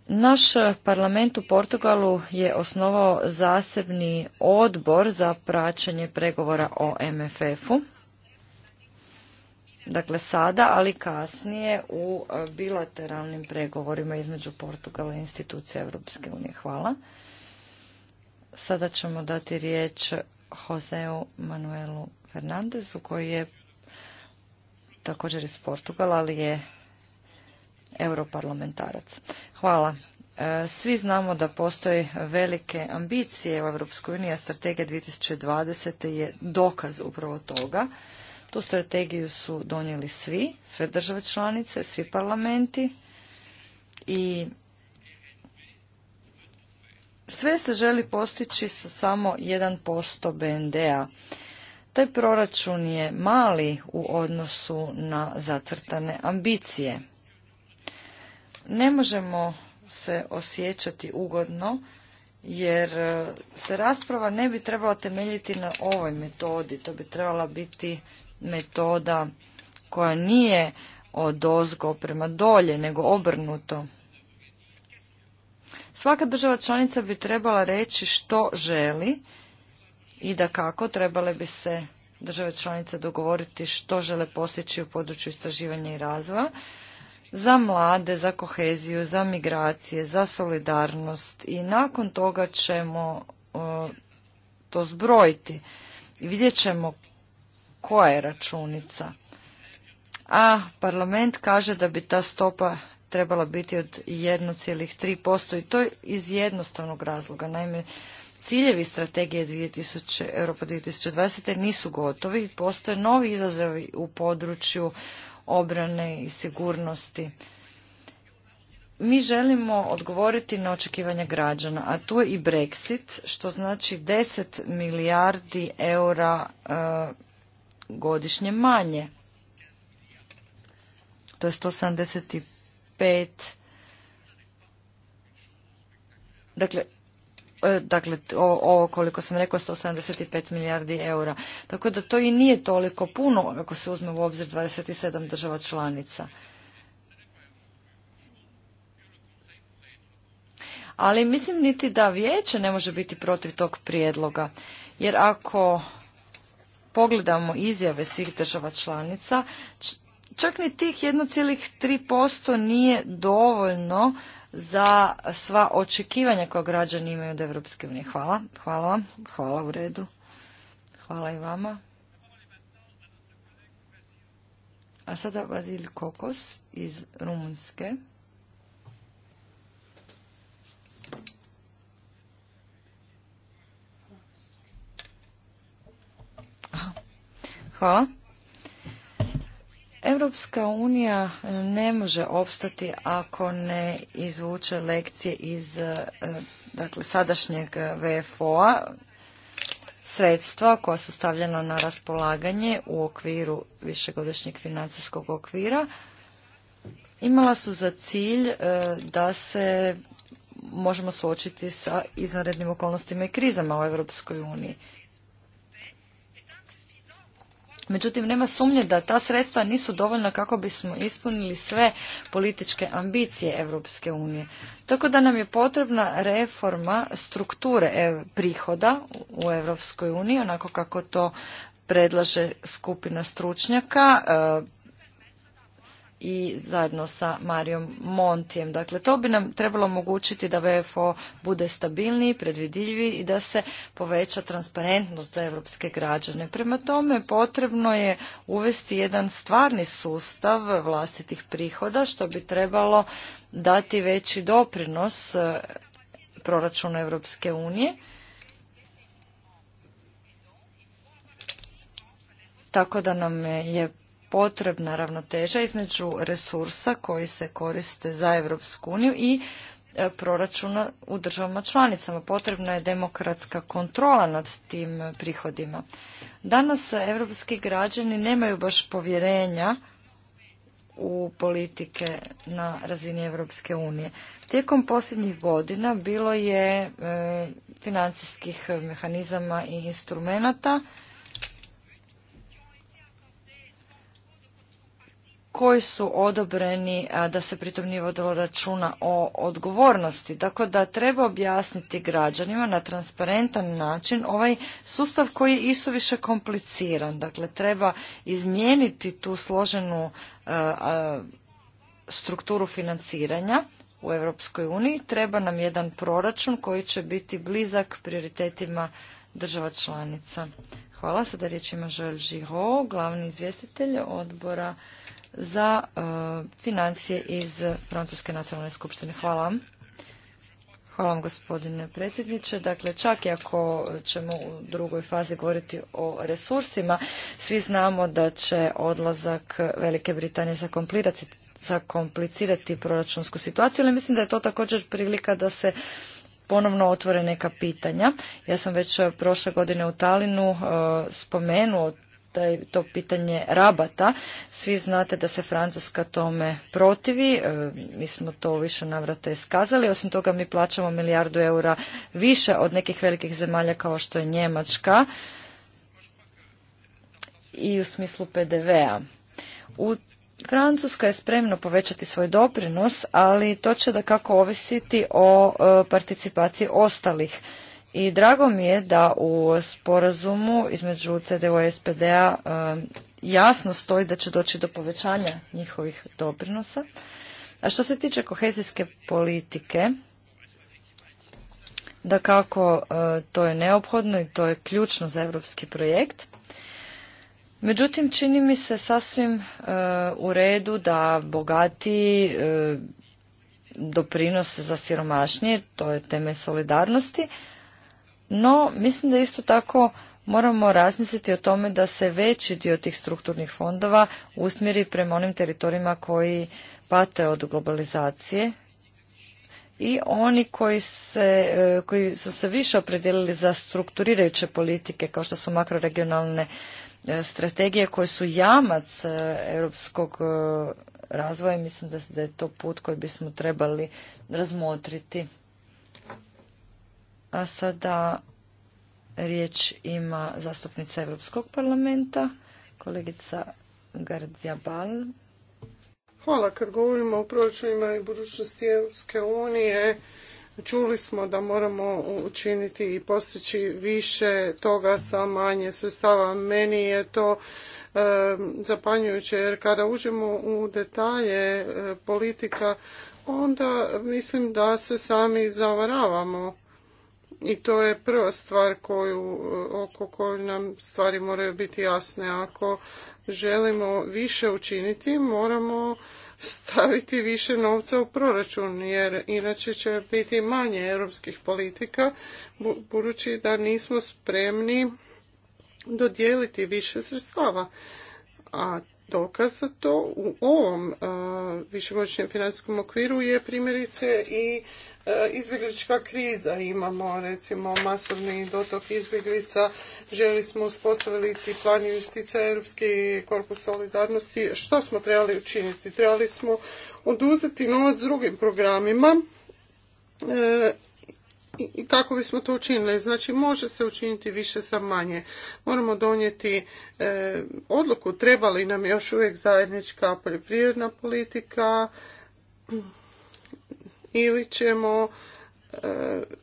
Naš parlament u Portugalu je osnovao zasebni odbor za praćenje pregovora o MFF-u dakle sada, ali kasnije u e, bilateralnim pregovorima između Portugala i institucija Europske unije. Hvala. Sada ćemo dati riječ Joseu Manuelu Fernandezu koji je također iz Portugala, ali je europarlamentarac. Hvala. E, svi znamo da postoje velike ambicije u Europskoj uniji, a strategija 2020. je dokaz upravo toga. Tu strategiju su donijeli svi, sve države članice, svi parlamenti i sve se želi postići sa samo 1% BND-a. Taj proračun je mali u odnosu na zacrtane ambicije. Ne možemo se osjećati ugodno jer e, se rasprava ne bi trebala temeljiti na ovoj metodi, to bi trebala biti metoda koja nije od ozgo prema dolje, nego obrnuto. Svaka država članica bi trebala reći što želi i da kako trebale bi se države članice dogovoriti što žele posjeći u području istraživanja i razvoja za mlade, za koheziju, za migracije, za solidarnost i nakon toga ćemo to zbrojiti vidjet ćemo koja je računica. A parlament kaže da bi ta stopa trebala biti od 1,3% i to iz jednostavnog razloga. Naime, ciljevi strategije 2000, Europa 2020. nisu gotovi. Postoje novi izazovi u području obrane i sigurnosti. Mi želimo odgovoriti na očekivanja građana, a tu je i Brexit, što znači 10 milijardi eura e, godišnje manje. To je 175 Dakle, e, dakle ovo koliko sam rekao 175 milijardi eura. Tako da to i nije toliko puno ako se uzme u obzir 27 država članica. Ali mislim niti da vijeće ne može biti protiv tog prijedloga. Jer ako pogledamo izjave svih država članica, čak ni tih 1,3% nije dovoljno za sva očekivanja koja građani imaju od Europske unije. Hvala, hvala vam, hvala u redu. Hvala i vama. A sada Vazil Kokos iz Rumunjske. Hvala. Europska unija e, ne može opstati ako ne izvuče lekcije iz e, dakle, sadašnjeg VFO-a. Sredstva koja su stavljena na raspolaganje u okviru višegodišnjeg financijskog okvira imala su za cilj e, da se možemo suočiti sa izvanrednim okolnostima i krizama u Europskoj uniji. Međutim, nema sumnje da ta sredstva nisu dovoljna kako bismo ispunili sve političke ambicije Europske unije. Tako da nam je potrebna reforma strukture e, prihoda u Europskoj uniji, onako kako to predlaže skupina stručnjaka e, i zajedno sa Marijom Montijem. Dakle, to bi nam trebalo omogućiti da VFO bude stabilniji, predvidljiviji i da se poveća transparentnost za evropske građane. Prema tome, potrebno je uvesti jedan stvarni sustav vlastitih prihoda, što bi trebalo dati veći doprinos e, proračunu Evropske unije. Tako da nam je potrebna ravnoteža između resursa koji se koriste za Europsku uniju i e, proračuna u državama članicama. Potrebna je demokratska kontrola nad tim prihodima. Danas evropski građani nemaju baš povjerenja u politike na razini Europske unije. Tijekom posljednjih godina bilo je e, financijskih mehanizama i instrumenata koji su odobreni, da se pritom nije vodilo računa o odgovornosti. Tako da treba objasniti građanima na transparentan način ovaj sustav koji je isuviše kompliciran. Dakle, treba izmijeniti tu složenu strukturu financiranja u Europskoj uniji. Treba nam jedan proračun koji će biti blizak prioritetima država članica. Hvala. Sada riječ ima glavni izvjestitelj odbora za e, financije iz Francuske nacionalne skupštine. Hvala vam. Hvala vam gospodine predsjedniče. Dakle, čak i ako ćemo u drugoj fazi govoriti o resursima, svi znamo da će odlazak Velike Britanije zakomplicirati proračunsku situaciju, ali mislim da je to također prilika da se ponovno otvore neka pitanja. Ja sam već prošle godine u Talinu e, spomenuo je to pitanje rabata. Svi znate da se Francuska tome protivi, e, mi smo to više navrata iskazali, osim toga mi plaćamo milijardu eura više od nekih velikih zemalja kao što je Njemačka i u smislu PDV-a. U Francuska je spremno povećati svoj doprinos, ali to će da kako ovisiti o e, participaciji ostalih i drago mi je da u sporazumu između CDU i SPD-a um, jasno stoji da će doći do povećanja njihovih doprinosa. A što se tiče kohezijske politike, da kako uh, to je neophodno i to je ključno za europski projekt. Međutim, čini mi se sasvim uh, u redu da bogatiji uh, doprinose za siromašnije, to je teme solidarnosti, no, mislim da isto tako moramo razmisliti o tome da se veći dio tih strukturnih fondova usmjeri prema onim teritorijima koji pate od globalizacije i oni koji, se, e, koji su se više opredijelili za strukturirajuće politike kao što su makroregionalne e, strategije koje su jamac e, europskog razvoja mislim da je to put koji bismo trebali razmotriti. A sada riječ ima zastupnica Europskog parlamenta, kolegica Bal. Hvala. Kad govorimo o proračunima i budućnosti Europske unije, čuli smo da moramo učiniti i postići više toga sa manje sredstava. Meni je to zapanjujuće jer kada uđemo u detalje e, politika, onda mislim da se sami zavaravamo i to je prva stvar koju, oko koju nam stvari moraju biti jasne. Ako želimo više učiniti, moramo staviti više novca u proračun, jer inače će biti manje europskih politika, budući da nismo spremni dodijeliti više sredstava. A dokaz za to u ovom e, višegodišnjem financijskom okviru je primjerice i e, izbjeglička kriza. Imamo recimo masovni dotok izbjeglica, želi smo uspostaviti plan investicija Europski korpus solidarnosti. Što smo trebali učiniti? Trebali smo oduzeti novac drugim programima e, i kako bismo to učinili. Znači može se učiniti više sa manje. Moramo donijeti e, odluku treba li nam još uvijek zajednička poljoprivredna politika ili ćemo e,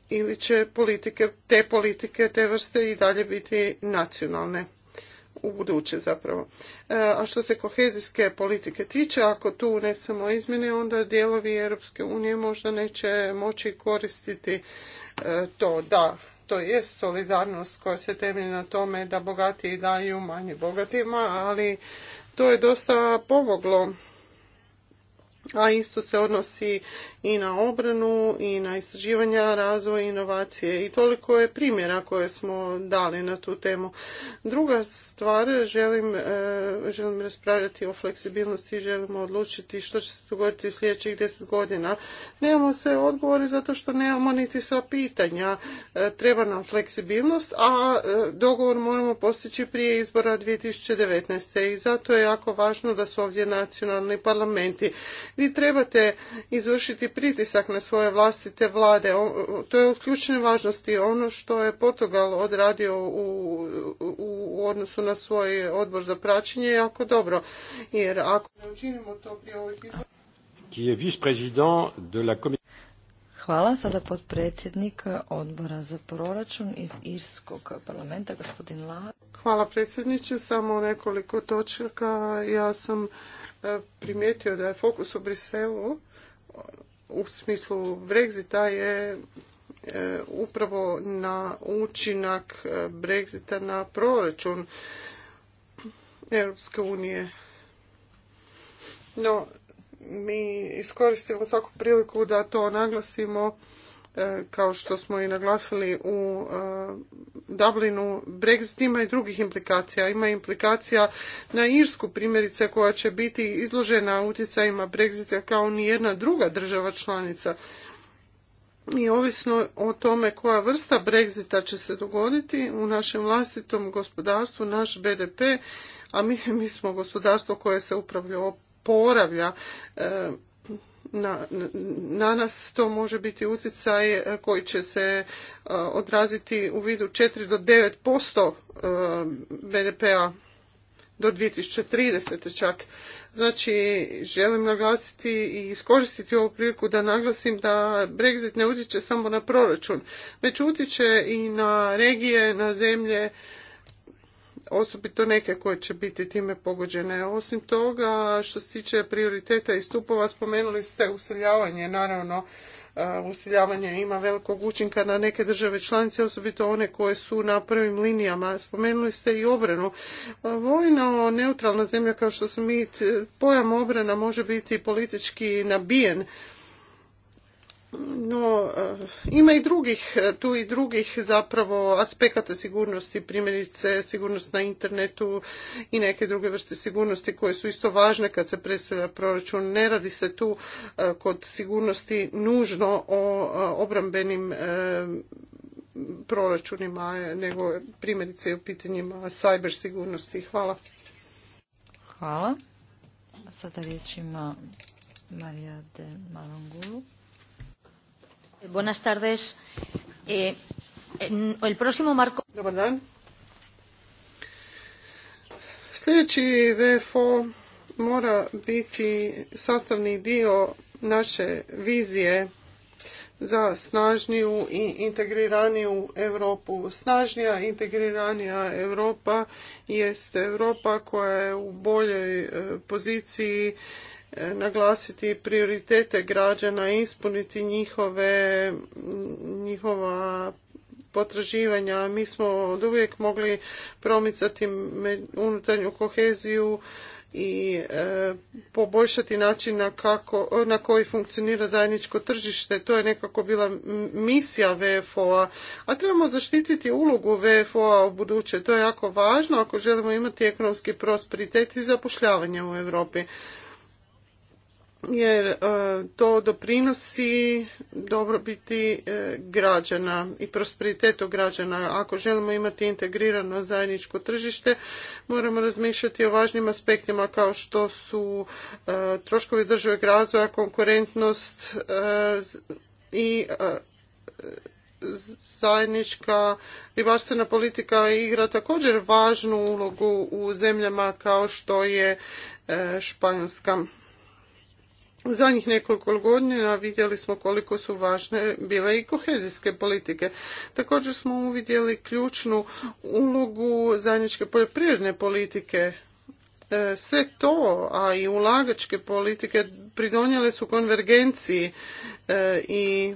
ili će politike, te politike, te vrste i dalje biti nacionalne u buduće zapravo. E, a što se kohezijske politike tiče, ako tu unesemo izmjene, onda dijelovi Europske unije možda neće moći koristiti e, to. Da, to je solidarnost koja se temelji na tome da bogatiji daju manje bogatima, ali to je dosta pomoglo a isto se odnosi i na obranu i na istraživanja, razvoj, inovacije i toliko je primjera koje smo dali na tu temu. Druga stvar, želim, e, želim raspravljati o fleksibilnosti želimo odlučiti što će se dogoditi sljedećih deset godina. Nemamo se odgovori zato što nemamo niti sva pitanja. E, treba nam fleksibilnost, a e, dogovor moramo postići prije izbora 2019. I zato je jako važno da su ovdje nacionalni parlamenti vi trebate izvršiti pritisak na svoje vlastite vlade. To je od ključne važnosti. Ono što je Portugal odradio u, u odnosu na svoj odbor za praćenje je jako dobro. Jer ako ne učinimo to prije ovih izbora... Hvala. Sada potpredsjednik odbora za proračun iz Irskog parlamenta, gospodin la Hvala predsjedniče. Samo nekoliko točaka. Ja sam primijetio da je fokus u Briselu u smislu Brexita je e, upravo na učinak e, Brexita na proračun Europske unije. No, mi iskoristimo svaku priliku da to naglasimo E, kao što smo i naglasili u e, Dublinu, Brexit ima i drugih implikacija. Ima implikacija na Irsku primjerice koja će biti izložena utjecajima Brexita kao ni jedna druga država članica. I ovisno o tome koja vrsta Brexita će se dogoditi u našem vlastitom gospodarstvu, naš BDP, a mi, mi smo gospodarstvo koje se upravlja oporavlja, e, na, na nas to može biti utjecaj e, koji će se e, odraziti u vidu 4 do 9% e, BDP-a do 2030. čak. Znači, želim naglasiti i iskoristiti ovu priliku da naglasim da Brexit ne utječe samo na proračun, već utječe i na regije, na zemlje, osobito neke koje će biti time pogođene. Osim toga, što se tiče prioriteta i stupova, spomenuli ste useljavanje, naravno, e, useljavanje ima velikog učinka na neke države članice, osobito one koje su na prvim linijama. Spomenuli ste i obranu. E, vojno neutralna zemlja kao što su mi, pojam obrana može biti politički nabijen no eh, ima i drugih, eh, tu i drugih zapravo aspekata sigurnosti, primjerice sigurnost na internetu i neke druge vrste sigurnosti koje su isto važne kad se predstavlja proračun. Ne radi se tu eh, kod sigurnosti nužno o obrambenim proračunima, nego primjerice u pitanjima cyber sigurnosti. Hvala. Hvala. sada riječ ima Marija de Malangulu. Eh, eh, Dobar dan. Sljedeći VFO mora biti sastavni dio naše vizije za snažniju i integriraniju Europu. Snažnija integriranija Europa jest Europa koja je u boljoj eh, poziciji naglasiti prioritete građana, ispuniti njihove, njihova potraživanja. Mi smo od uvijek mogli promicati unutarnju koheziju i e, poboljšati način na, kako, na koji funkcionira zajedničko tržište. To je nekako bila misija VFO-a. A trebamo zaštititi ulogu VFO-a u buduće. To je jako važno ako želimo imati ekonomski prosperitet i zapošljavanje u Europi jer e, to doprinosi dobrobiti e, građana i prosperitetu građana. Ako želimo imati integrirano zajedničko tržište, moramo razmišljati o važnim aspektima kao što su e, troškovi državog razvoja, konkurentnost i zajednička ribarstvena politika igra također važnu ulogu u zemljama kao što je Španjolska zadnjih nekoliko godina vidjeli smo koliko su važne bile i kohezijske politike. Također smo uvidjeli ključnu ulogu zajedničke poljoprivredne politike e, sve to, a i ulagačke politike pridonijele su konvergenciji e, i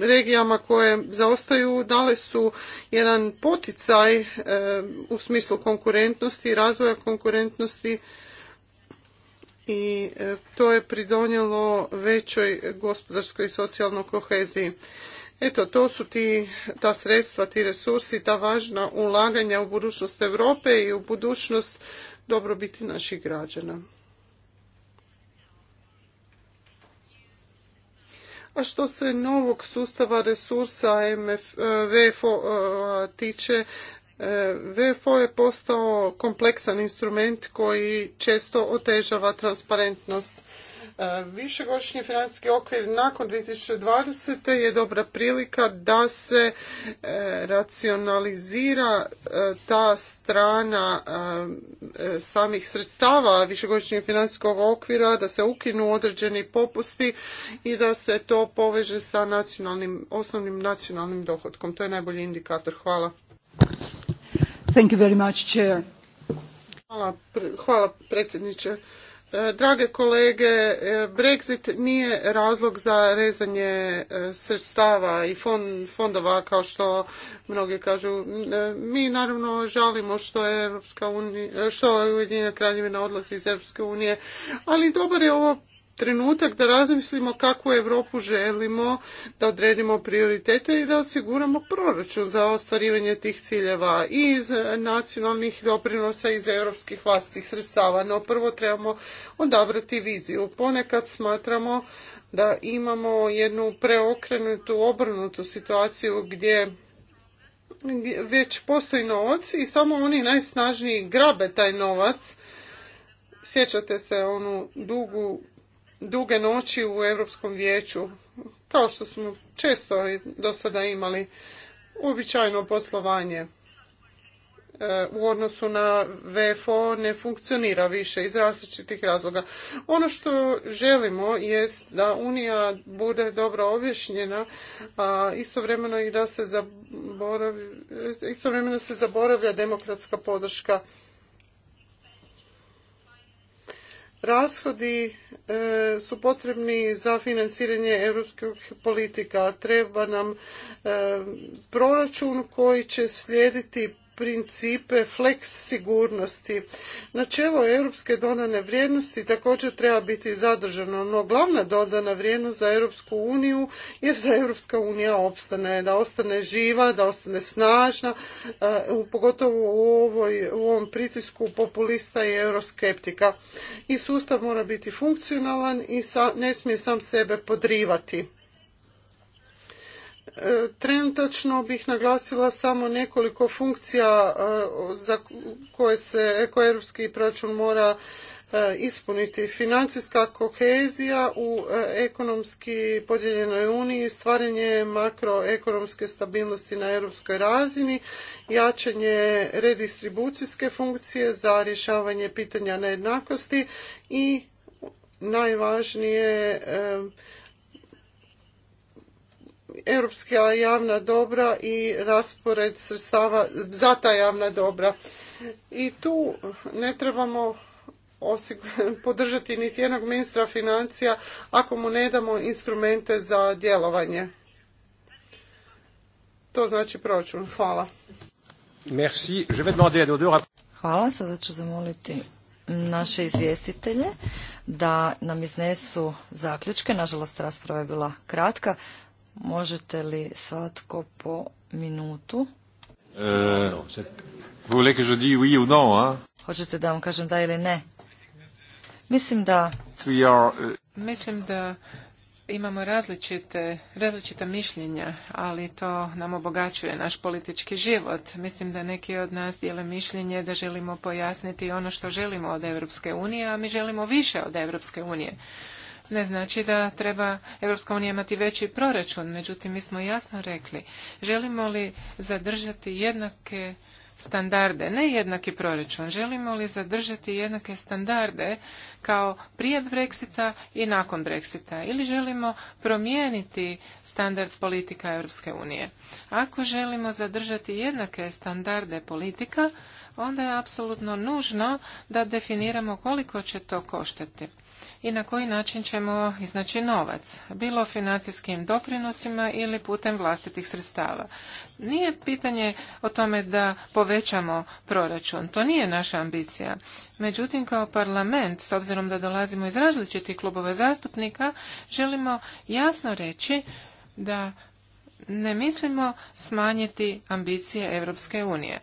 regijama koje zaostaju dale su jedan poticaj e, u smislu konkurentnosti i razvoja konkurentnosti i e, to je pridonjelo većoj gospodarskoj i socijalnoj koheziji. Eto, to su ti, ta sredstva, ti resursi, ta važna ulaganja u budućnost Europe i u budućnost dobrobiti naših građana. A što se novog sustava resursa MF, e, VFO e, tiče, VFO je postao kompleksan instrument koji često otežava transparentnost. E, Višegodišnji financijski okvir nakon 2020. je dobra prilika da se e, racionalizira e, ta strana samih sredstava višegodišnjeg financijskog okvira, da se ukinu određeni popusti i da se to poveže sa nacionalnim, osnovnim nacionalnim dohodkom. To je najbolji indikator. Hvala. Hvala, predsjedniče. E, drage kolege, e, Brexit nije razlog za rezanje e, sredstava i fondova kao što mnogi kažu. Mi naravno žalimo što je Europska što je Ujedinjena Kraljevina odlazi iz Europske unije, ali dobar je ovo trenutak da razmislimo kakvu Europu želimo, da odredimo prioritete i da osiguramo proračun za ostvarivanje tih ciljeva i iz nacionalnih doprinosa iz europskih vlastitih sredstava. No prvo trebamo odabrati viziju. Ponekad smatramo da imamo jednu preokrenutu, obrnutu situaciju gdje već postoji novac i samo oni najsnažniji grabe taj novac. Sjećate se onu dugu duge noći u Europskom vijeću, kao što smo često do sada imali uobičajeno poslovanje e, u odnosu na VFO ne funkcionira više iz različitih razloga. Ono što želimo jest da Unija bude dobro objašnjena, a istovremeno i da se zaboravi istovremeno se zaboravlja demokratska podrška Rashodi e, su potrebni za financiranje europskih politika. Treba nam e, proračun koji će slijediti principe fleks sigurnosti. Načelo europske dodane vrijednosti također treba biti zadržano, no glavna dodana vrijednost za Europsku uniju je da Europska unija opstane, da ostane živa, da ostane snažna, eh, pogotovo ovoj, u ovom pritisku populista i euroskeptika. I sustav mora biti funkcionalan i ne smije sam sebe podrivati. E, trenutačno bih naglasila samo nekoliko funkcija e, za koje se ekoeuropski proračun mora e, ispuniti. Financijska kohezija u ekonomski podijeljenoj uniji, stvaranje makroekonomske stabilnosti na europskoj razini, jačanje redistribucijske funkcije za rješavanje pitanja nejednakosti i najvažnije europska javna dobra i raspored sredstava za ta javna dobra. I tu ne trebamo [laughs] podržati niti jednog ministra financija ako mu ne damo instrumente za djelovanje. To znači proračun. Hvala. Merci. Je Hvala. Sada ću zamoliti naše izvjestitelje da nam iznesu zaključke. Nažalost, rasprava je bila kratka. Možete li svatko po minutu? E, Hoćete da vam kažem da ili ne? Mislim da... Uh, Mislim da imamo različite, različita mišljenja, ali to nam obogaćuje naš politički život. Mislim da neki od nas dijele mišljenje da želimo pojasniti ono što želimo od Europske unije, a mi želimo više od Europske unije ne znači da treba EU unija imati veći proračun, međutim mi smo jasno rekli, želimo li zadržati jednake standarde, ne jednaki proračun, želimo li zadržati jednake standarde kao prije Brexita i nakon Brexita ili želimo promijeniti standard politika Europske unije. Ako želimo zadržati jednake standarde politika, onda je apsolutno nužno da definiramo koliko će to koštati i na koji način ćemo iznaći novac, bilo financijskim doprinosima ili putem vlastitih sredstava. Nije pitanje o tome da povećamo proračun, to nije naša ambicija. Međutim, kao parlament, s obzirom da dolazimo iz različitih klubova zastupnika, želimo jasno reći da ne mislimo smanjiti ambicije Europske unije.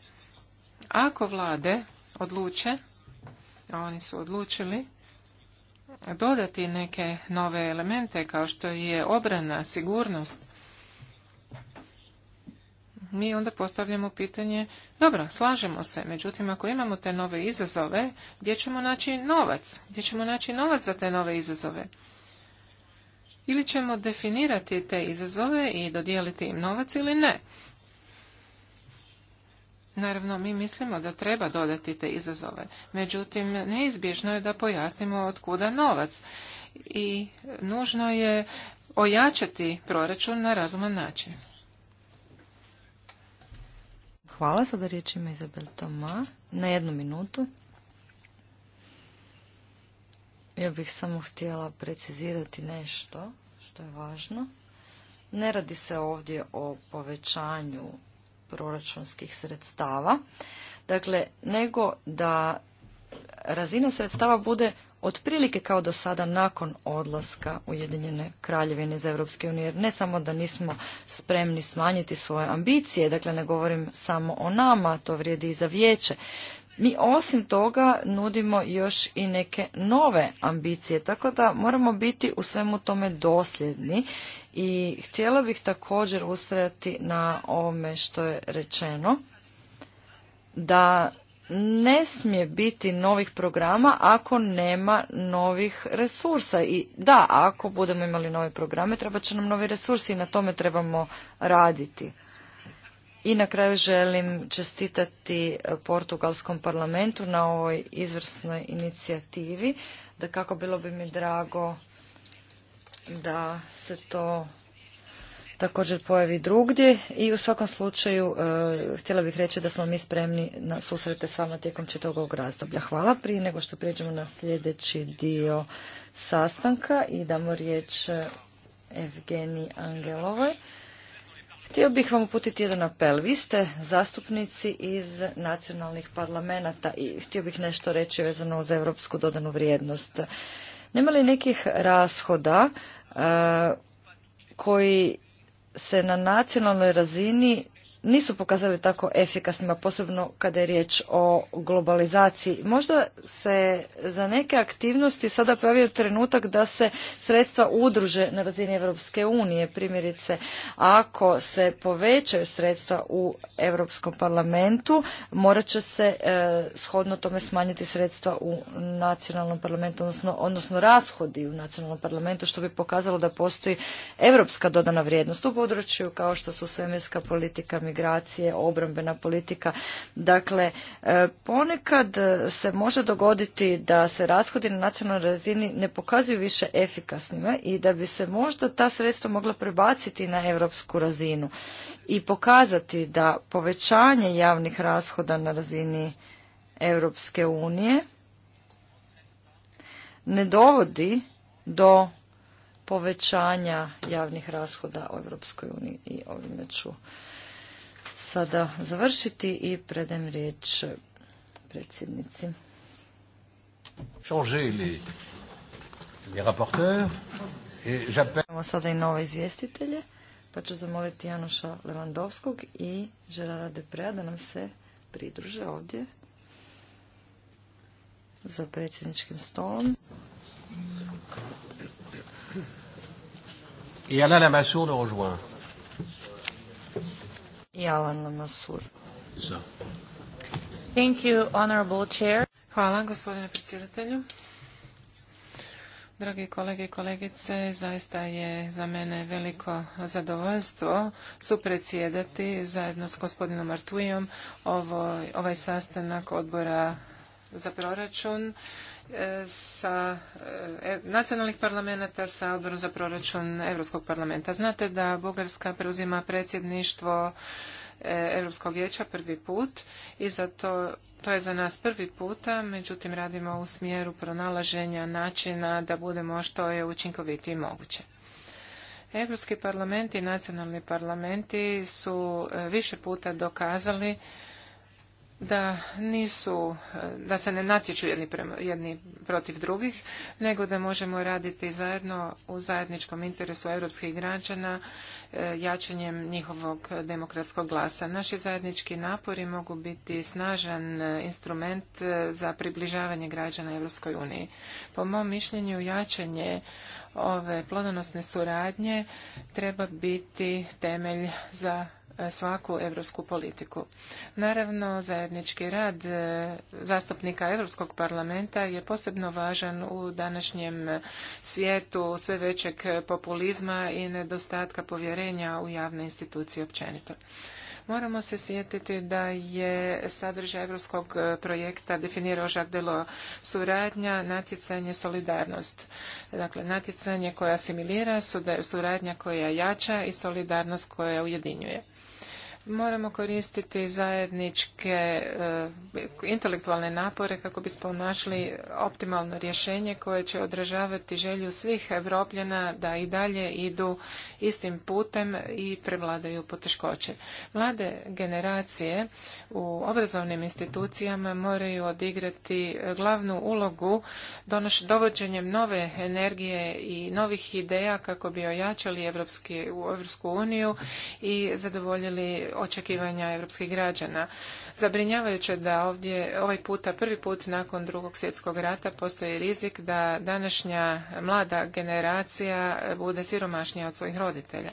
Ako vlade odluče, a oni su odlučili, dodati neke nove elemente kao što je obrana, sigurnost, mi onda postavljamo pitanje, dobro, slažemo se, međutim ako imamo te nove izazove, gdje ćemo naći novac? Gdje ćemo naći novac za te nove izazove? Ili ćemo definirati te izazove i dodijeliti im novac ili ne? Naravno, mi mislimo da treba dodati te izazove. Međutim, neizbježno je da pojasnimo otkuda novac i nužno je ojačati proračun na razuman način. Hvala. Sada riječima Izabel Toma. Na jednu minutu. Ja bih samo htjela precizirati nešto što je važno. Ne radi se ovdje o povećanju proračunskih sredstava, dakle, nego da razina sredstava bude otprilike kao do sada nakon odlaska Ujedinjene kraljevine iz Europske unije. Jer ne samo da nismo spremni smanjiti svoje ambicije, dakle ne govorim samo o nama, to vrijedi i za vijeće. Mi osim toga nudimo još i neke nove ambicije, tako da moramo biti u svemu tome dosljedni i htjela bih također ustrajati na ovome što je rečeno, da ne smije biti novih programa ako nema novih resursa. I da, ako budemo imali nove programe, treba će nam novi resursi i na tome trebamo raditi. I na kraju želim čestitati eh, Portugalskom parlamentu na ovoj izvrsnoj inicijativi. Da kako bilo bi mi drago da se to također pojavi drugdje i u svakom slučaju e, htjela bih reći da smo mi spremni na susrete s vama tijekom čitavog ovog razdoblja. Hvala. Prije nego što pređemo na sljedeći dio sastanka i damo riječ e, evgeni Angelovoj. Htio bih vam uputiti jedan apel. Vi ste zastupnici iz nacionalnih parlamenta i htio bih nešto reći vezano uz europsku dodanu vrijednost. Nema li nekih rashoda eh, koji se na nacionalnoj razini nisu pokazali tako efikasnima, posebno kada je riječ o globalizaciji. Možda se za neke aktivnosti sada pojavio trenutak da se sredstva udruže na razini Europske unije. Primjerice, ako se povećaju sredstva u Europskom parlamentu, morat će se e, shodno tome smanjiti sredstva u nacionalnom parlamentu, odnosno, odnosno rashodi u nacionalnom parlamentu, što bi pokazalo da postoji europska dodana vrijednost u području kao što su svemirska politika, migracije, obrambena politika. Dakle, e, ponekad se može dogoditi da se rashodi na nacionalnoj razini ne pokazuju više efikasnima i da bi se možda ta sredstva mogla prebaciti na europsku razinu i pokazati da povećanje javnih rashoda na razini Europske unije ne dovodi do povećanja javnih rashoda u Europskoj uniji i ovime ću sada završiti i predajem riječ predsjednici. Imamo sada i nove izvjestitelje, pa ću zamoliti Janoša Levandovskog i Želara Deprea da nam se pridruže ovdje za predsjedničkim stolom. I Alain Lamassoure rejoint. Hvala, gospodine predsjedatelju. Dragi kolege i kolegice, zaista je za mene veliko zadovoljstvo supredsjedati zajedno s gospodinom Artujom ovaj sastanak odbora za proračun E, sa e, nacionalnih parlamenta sa odborom za proračun Europskog parlamenta. Znate da Bugarska preuzima predsjedništvo e, Europskog vijeća prvi put i zato to je za nas prvi puta, međutim radimo u smjeru pronalaženja načina da budemo što je i moguće. Europski parlament i nacionalni parlamenti su više puta dokazali da nisu, da se ne natječu jedni, jedni protiv drugih, nego da možemo raditi zajedno u zajedničkom interesu europskih građana e, jačanjem njihovog demokratskog glasa. Naši zajednički napori mogu biti snažan e, instrument e, za približavanje građana Europskoj uniji. Po mom mišljenju jačanje ove plodonosne suradnje treba biti temelj za E, svaku europsku politiku. Naravno, zajednički rad e, zastupnika Europskog parlamenta je posebno važan u današnjem svijetu sve većeg populizma i nedostatka povjerenja u javne institucije općenito. Moramo se sjetiti da je sadržaj evropskog projekta definirao Jacques suradnja, natjecanje, solidarnost. Dakle, natjecanje koja asimilira, suradnja koja jača i solidarnost koja ujedinjuje. Moramo koristiti zajedničke e, intelektualne napore kako bismo našli optimalno rješenje koje će odražavati želju svih Evropljana da i dalje idu istim putem i prevladaju poteškoće. Mlade generacije u obrazovnim institucijama moraju odigrati glavnu ulogu dovođenjem nove energije i novih ideja kako bi ojačali Evropski, u Evropsku uniju i zadovoljili očekivanja europskih građana. Zabrinjavajuće da ovdje ovaj puta, prvi put nakon drugog svjetskog rata postoji rizik da današnja mlada generacija bude siromašnija od svojih roditelja.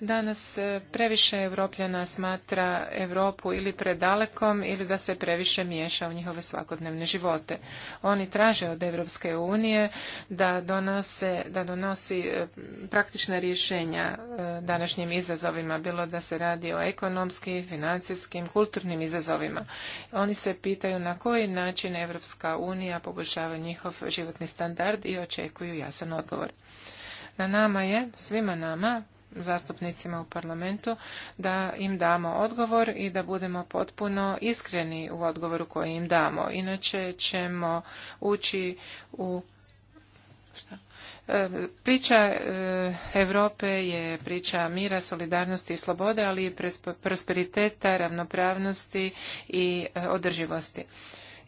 Danas e, previše Evropljana smatra Europu ili predalekom ili da se previše miješa u njihove svakodnevne živote. Oni traže od Evropske unije da, donose, da donosi e, praktična rješenja e, današnjim izazovima, bilo da se radi o ekonomskim, financijskim, kulturnim izazovima. Oni se pitaju na koji način Evropska unija poboljšava njihov životni standard i očekuju jasan odgovor. Na nama je, svima nama, zastupnicima u parlamentu da im damo odgovor i da budemo potpuno iskreni u odgovoru koji im damo. Inače ćemo ući u šta? E, priča e, Europe je priča mira, solidarnosti i slobode, ali i prosperiteta, ravnopravnosti i e, održivosti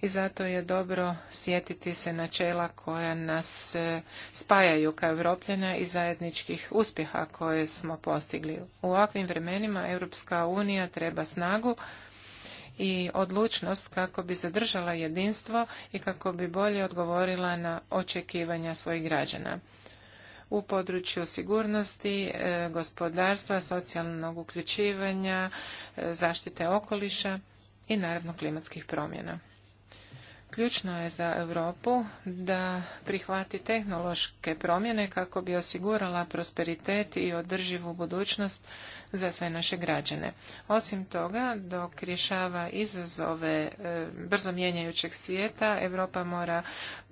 i zato je dobro sjetiti se načela koja nas e, spajaju kao evropljena i zajedničkih uspjeha koje smo postigli. U ovakvim vremenima Europska unija treba snagu i odlučnost kako bi zadržala jedinstvo i kako bi bolje odgovorila na očekivanja svojih građana u području sigurnosti, e, gospodarstva, socijalnog uključivanja, e, zaštite okoliša i naravno klimatskih promjena. Ključno je za Europu da prihvati tehnološke promjene kako bi osigurala prosperitet i održivu budućnost za sve naše građane. Osim toga, dok rješava izazove e, brzo mijenjajućeg svijeta, Europa mora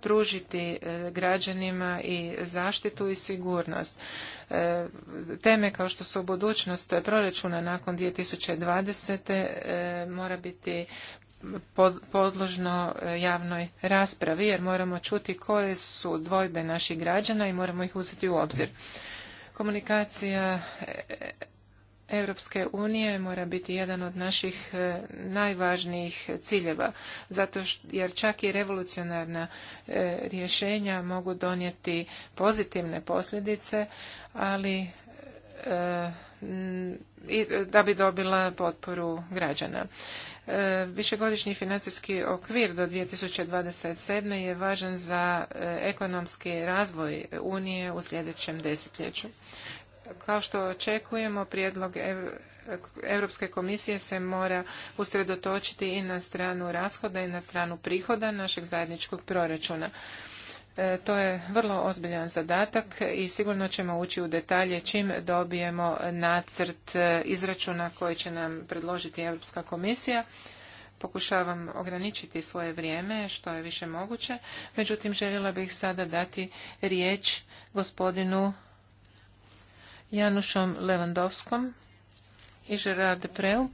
pružiti e, građanima i zaštitu i sigurnost. E, teme kao što su budućnost proračuna nakon 2020. mora biti podložno e, javnoj raspravi jer moramo čuti koje su dvojbe naših građana i moramo ih uzeti u obzir. Komunikacija e, Europske unije mora biti jedan od naših e, najvažnijih ciljeva, zato jer čak i revolucionarna rješenja mogu donijeti pozitivne posljedice, ali da bi dobila potporu građana. Višegodišnji financijski okvir do 2027. je važan za e, ekonomski razvoj Unije u sljedećem desetljeću. Kao što očekujemo, prijedlog Europske komisije se mora usredotočiti i na stranu rashoda i na stranu prihoda našeg zajedničkog proračuna. E, to je vrlo ozbiljan zadatak i sigurno ćemo ući u detalje čim dobijemo nacrt e, izračuna koji će nam predložiti Europska komisija. Pokušavam ograničiti svoje vrijeme što je više moguće, međutim željela bih sada dati riječ gospodinu Janušom Levandovskom i Gerard Preu,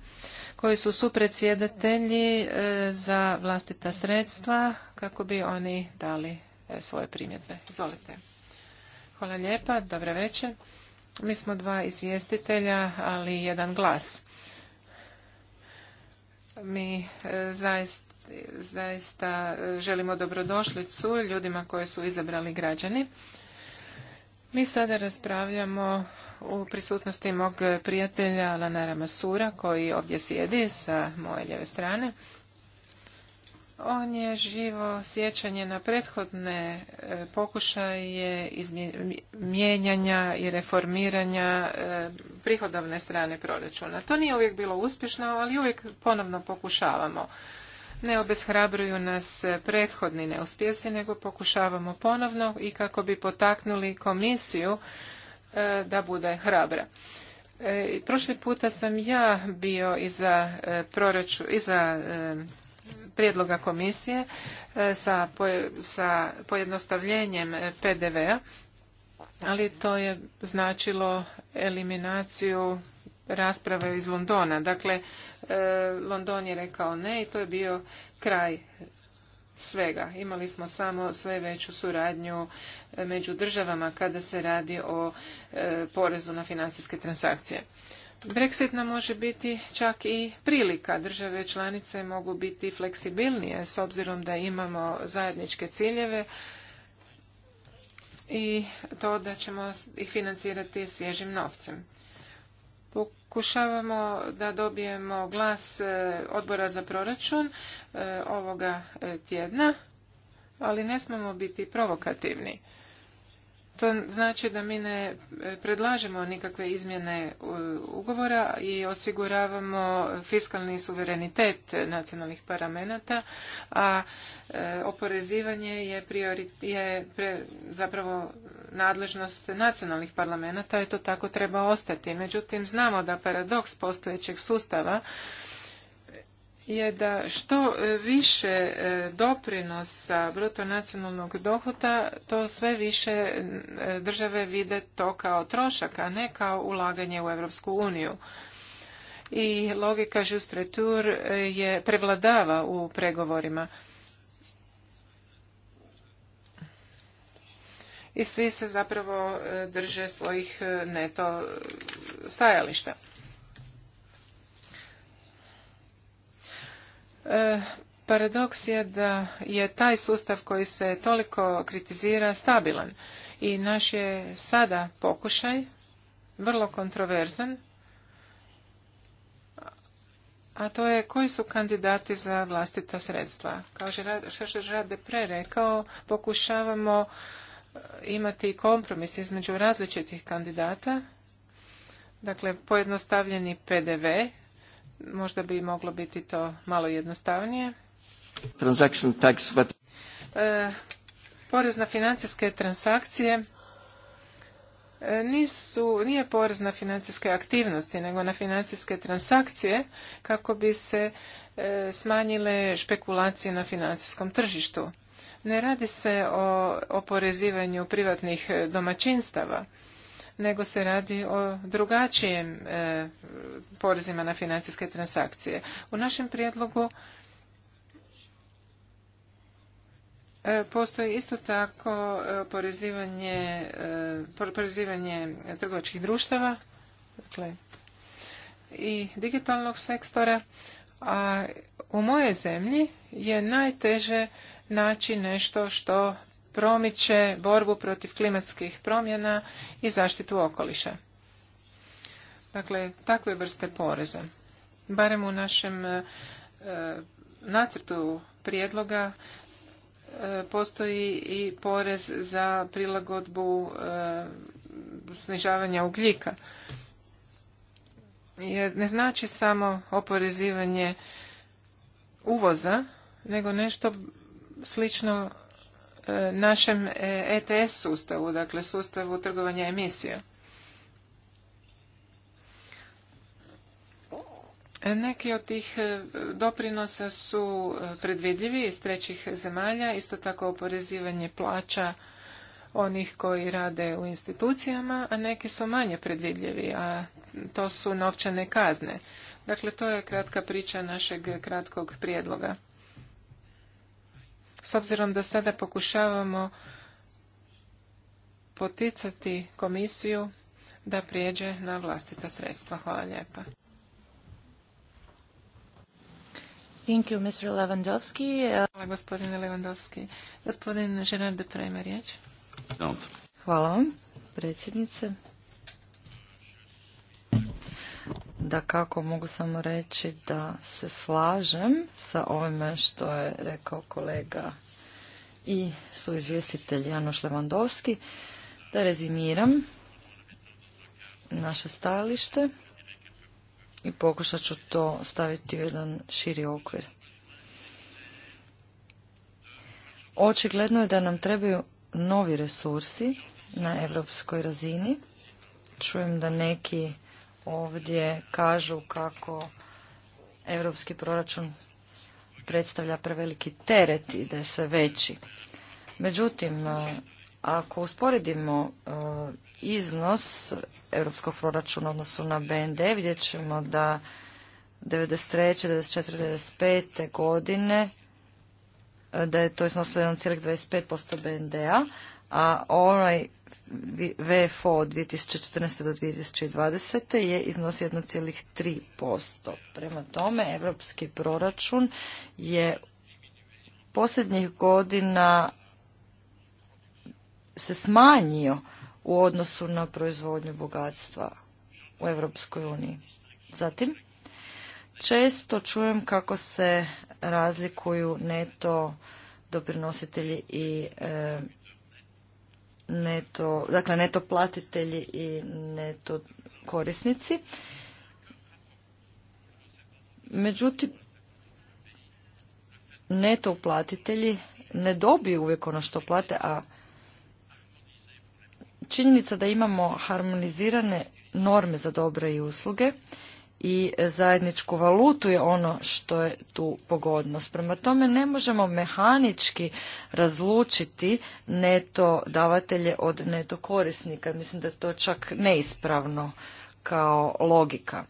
koji su supredsjedatelji e, za vlastita sredstva kako bi oni dali E, svoje primjedbe. Izvolite. Hvala lijepa, dobro večer. Mi smo dva izvjestitelja, ali jedan glas. Mi e, zaista, zaista želimo dobrodošlicu ljudima koje su izabrali građani. Mi sada raspravljamo u prisutnosti mog prijatelja Lanara Masura koji ovdje sjedi sa moje lijeve strane. On je živo sjećanje na prethodne e, pokušaje mijenjanja i reformiranja e, prihodovne strane proračuna. To nije uvijek bilo uspješno, ali uvijek ponovno pokušavamo. Ne obeshrabruju nas prethodni neuspjesi, nego pokušavamo ponovno i kako bi potaknuli komisiju e, da bude hrabra. Prošli puta sam ja bio iza, proračuna prijedloga komisije e, sa, pojednostavljenjem PDV-a, ali to je značilo eliminaciju rasprave iz Londona. Dakle, e, London je rekao ne i to je bio kraj svega. Imali smo samo sve veću suradnju e, među državama kada se radi o porezu na financijske transakcije. Brexit nam može biti čak i prilika. Države članice mogu biti fleksibilnije s obzirom da imamo zajedničke ciljeve i to da ćemo ih financirati svježim novcem. Pokušavamo da dobijemo glas e, odbora za proračun e, ovoga e, tjedna, ali ne smemo biti provokativni. To znači da mi ne predlažemo nikakve izmjene ugovora i osiguravamo fiskalni suverenitet nacionalnih paramenata, a e, oporezivanje je, prioritet je zapravo nadležnost nacionalnih parlamenata i to tako treba ostati. Međutim, znamo da paradoks postojećeg sustava je da što e, više e, doprinosa bruto nacionalnog dohota, to sve više e, države vide to kao trošak, a ne kao ulaganje u Europsku uniju. I logika Žustretur je prevladava u pregovorima. I svi se zapravo drže svojih neto stajališta. E, paradoks je da je taj sustav koji se toliko kritizira stabilan i naš je sada pokušaj vrlo kontroverzan, a to je koji su kandidati za vlastita sredstva. Kao što je Žade pre rekao, pokušavamo e, imati kompromis između različitih kandidata, dakle pojednostavljeni PDV Možda bi moglo biti to malo jednostavnije. E, porez na financijske transakcije e, nisu, nije porez na financijske aktivnosti, nego na financijske transakcije kako bi se e, smanjile špekulacije na financijskom tržištu. Ne radi se o oporezivanju privatnih domaćinstava nego se radi o drugačijim e, porezima na financijske transakcije. U našem prijedlogu e, postoji isto tako e, porezivanje, trgovačkih društava dakle, i digitalnog sektora, a u mojoj zemlji je najteže naći nešto što promiče borbu protiv klimatskih promjena i zaštitu okoliša. Dakle, takve vrste poreza. Barem u našem e, nacrtu prijedloga e, postoji i porez za prilagodbu e, snižavanja ugljika. Jer ne znači samo oporezivanje uvoza, nego nešto slično E, našem ETS e sustavu, dakle sustavu trgovanja emisija. E, neki od tih doprinosa su predvidljivi iz trećih zemalja, isto tako oporezivanje plaća onih koji rade u institucijama, a neki su manje predvidljivi, a to su novčane kazne. Dakle, to je kratka priča našeg kratkog prijedloga. S obzirom da sada pokušavamo poticati komisiju da prijeđe na vlastita sredstva. Hvala lijepa. Thank you, Mr. Hvala, gospodine Lewandowski. Gospodin Gerard Deprema, riječ. Hvala vam, predsjednice. da kako mogu samo reći da se slažem sa ovime što je rekao kolega i suizvjestitelj Janoš Levandovski. Da rezimiram naše stajalište i pokušat ću to staviti u jedan širi okvir. Očigledno je da nam trebaju novi resursi na europskoj razini. Čujem da neki ovdje kažu kako europski proračun predstavlja preveliki teret i da je sve veći. Međutim, e, ako usporedimo e, iznos europskog proračuna odnosu na BND, vidjet ćemo da 93. 94. 95. godine e, da je to iznosilo 1,25% BND-a, a onaj VFO od 2014. do 2020. je iznosio 1,3%. Prema tome, evropski proračun je posljednjih godina se smanjio u odnosu na proizvodnju bogatstva u Europskoj uniji. Zatim, često čujem kako se razlikuju neto doprinositelji i e, neto, dakle neto platitelji i neto korisnici. Međutim, neto uplatitelji ne dobiju uvijek ono što plate, a činjenica da imamo harmonizirane norme za dobre i usluge i zajedničku valutu je ono što je tu pogodnost. Prema tome ne možemo mehanički razlučiti neto davatelje od neto korisnika. Mislim da je to čak neispravno kao logika.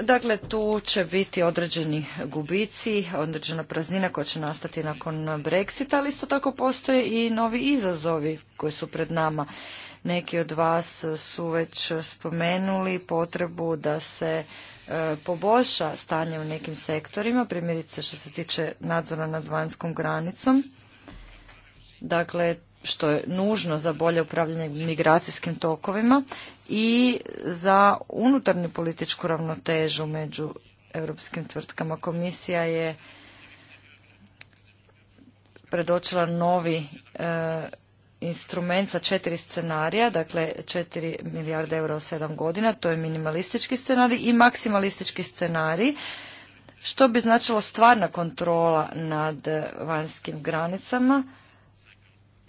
Dakle, tu će biti određeni gubici, određena praznina koja će nastati nakon Brexita, ali isto tako postoje i novi izazovi koji su pred nama. Neki od vas su već spomenuli potrebu da se e, poboljša stanje u nekim sektorima, primjerice što se tiče nadzora nad vanjskom granicom. Dakle, što je nužno za bolje upravljanje migracijskim tokovima i za unutarnju političku ravnotežu među europskim tvrtkama. Komisija je predočila novi e, instrument sa četiri scenarija, dakle 4 milijarde eura u sedam godina, to je minimalistički scenarij i maksimalistički scenarij, što bi značilo stvarna kontrola nad vanjskim granicama,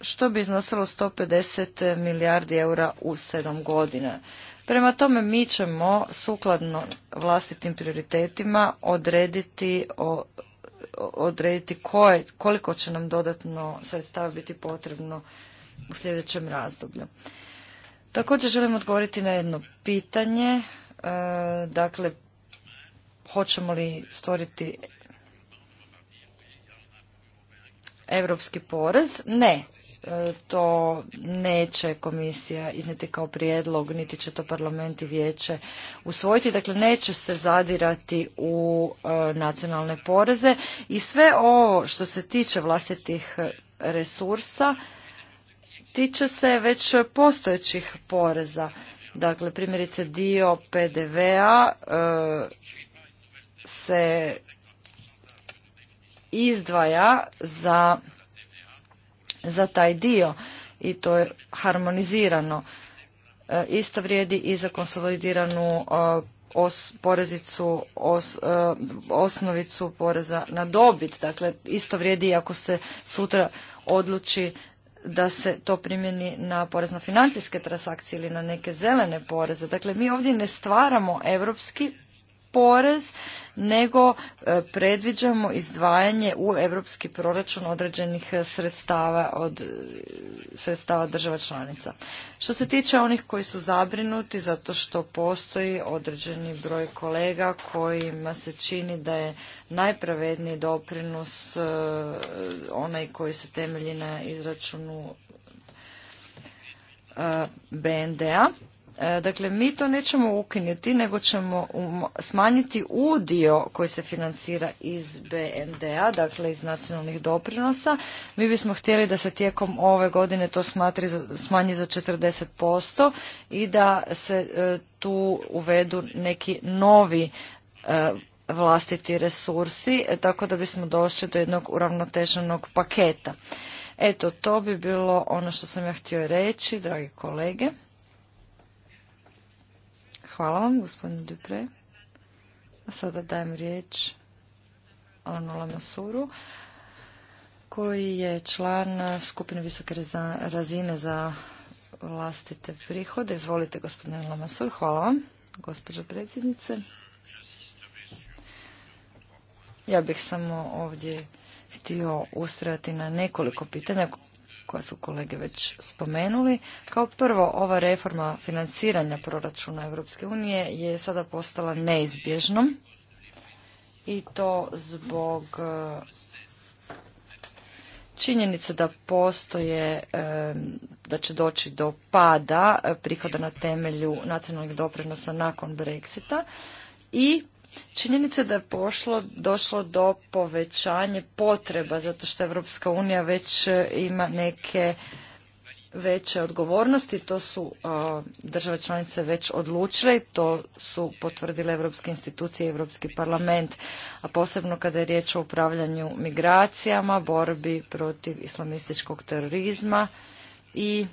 što bi iznosilo 150 milijardi eura u sedam godina. Prema tome mi ćemo sukladno vlastitim prioritetima odrediti odrediti koje, koliko će nam dodatno sredstava biti potrebno u sljedećem razdoblju. Također želim odgovoriti na jedno pitanje. E, dakle, hoćemo li stvoriti europski porez? Ne, e, to neće komisija iznijeti kao prijedlog, niti će to parlament i vijeće usvojiti. Dakle, neće se zadirati u e, nacionalne poreze i sve ovo što se tiče vlastitih resursa tiče se već postojećih poreza. Dakle, primjerice dio PDV-a e, se izdvaja za, za taj dio i to je harmonizirano. E, isto vrijedi i za konsolidiranu e, porezicu, osnovicu poreza na dobit. Dakle, isto vrijedi ako se sutra odluči da se to primjeni na porezno financijske transakcije ili na neke zelene poreze. Dakle, mi ovdje ne stvaramo europski porez, nego e, predviđamo izdvajanje u europski proračun određenih e, sredstava od e, sredstava država članica. Što se tiče onih koji su zabrinuti zato što postoji određeni broj kolega kojima se čini da je najpravedniji doprinos onaj koji se temelji na izračunu BND-a. E, dakle, mi to nećemo ukinuti, nego ćemo um, smanjiti udio koji se financira iz BNDA dakle iz nacionalnih doprinosa. Mi bismo htjeli da se tijekom ove godine to smatri, smanji za 40% i da se e, tu uvedu neki novi e, vlastiti resursi, tako da bismo došli do jednog uravnoteženog paketa. Eto, to bi bilo ono što sam ja htio reći, dragi kolege. Hvala vam, gospodine Dupre. A sada dajem riječ Anula Masuru, koji je član skupine visoke razine za vlastite prihode. Izvolite, gospodine Lamasur. Hvala vam, gospođo predsjednice. Ja bih samo ovdje htio ustrajati na nekoliko pitanja koja su kolege već spomenuli. Kao prvo, ova reforma financiranja proračuna Europske unije je sada postala neizbježnom i to zbog e, činjenice da postoje, e, da će doći do pada prihoda na temelju nacionalnih doprinosa nakon Brexita i Činjenica da je došlo do povećanje potreba, zato što Evropska unija već e, ima neke veće odgovornosti, to su e, države članice već odlučile to su potvrdile Europske institucije i Europski parlament, a posebno kada je riječ o upravljanju migracijama, borbi protiv islamističkog terorizma i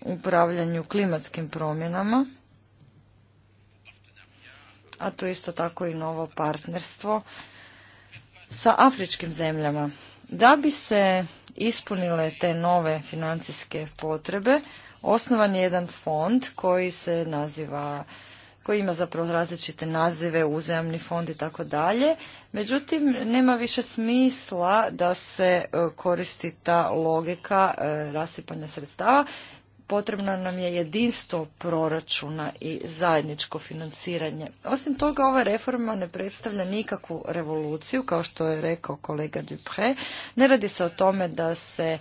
upravljanju klimatskim promjenama a tu isto tako i novo partnerstvo sa afričkim zemljama. Da bi se ispunile te nove financijske potrebe, osnovan je jedan fond koji se naziva koji ima zapravo različite nazive, uzajamni fond i tako dalje. Međutim, nema više smisla da se e, koristi ta logika e, rasipanja sredstava, potrebno nam je jedinstvo proračuna i zajedničko financiranje. Osim toga, ova reforma ne predstavlja nikakvu revoluciju, kao što je rekao kolega Dupre. Ne radi se o tome da se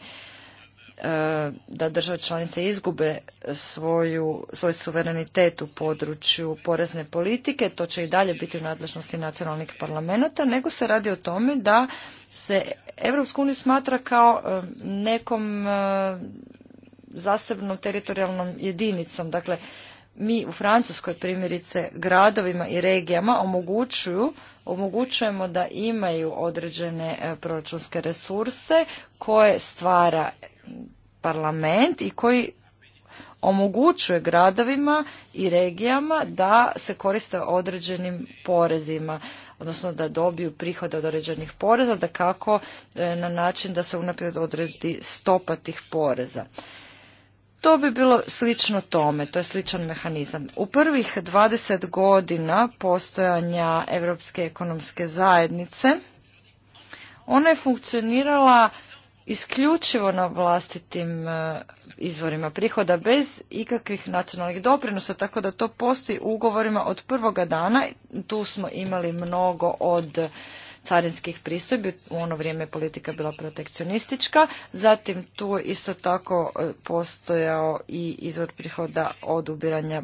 e, da države članice izgube svoju, svoj suverenitet u području porezne politike, to će i dalje biti u nadležnosti nacionalnih parlamenta, nego se radi o tome da se Europsku uniju smatra kao e, nekom e, zasebnom teritorijalnom jedinicom. Dakle, mi u Francuskoj primjerice gradovima i regijama omogućuju, omogućujemo da imaju određene e, proračunske resurse koje stvara parlament i koji omogućuje gradovima i regijama da se koriste određenim porezima, odnosno da dobiju prihode od određenih poreza, da kako e, na način da se unaprijed odredi stopa tih poreza. To bi bilo slično tome, to je sličan mehanizam. U prvih 20 godina postojanja Europske ekonomske zajednice ona je funkcionirala isključivo na vlastitim e, izvorima prihoda bez ikakvih nacionalnih doprinosa, tako da to postoji u ugovorima od prvoga dana. Tu smo imali mnogo od carinskih pristojbi. U ono vrijeme je politika bila protekcionistička. Zatim tu isto tako e, postojao i izvor prihoda od ubiranja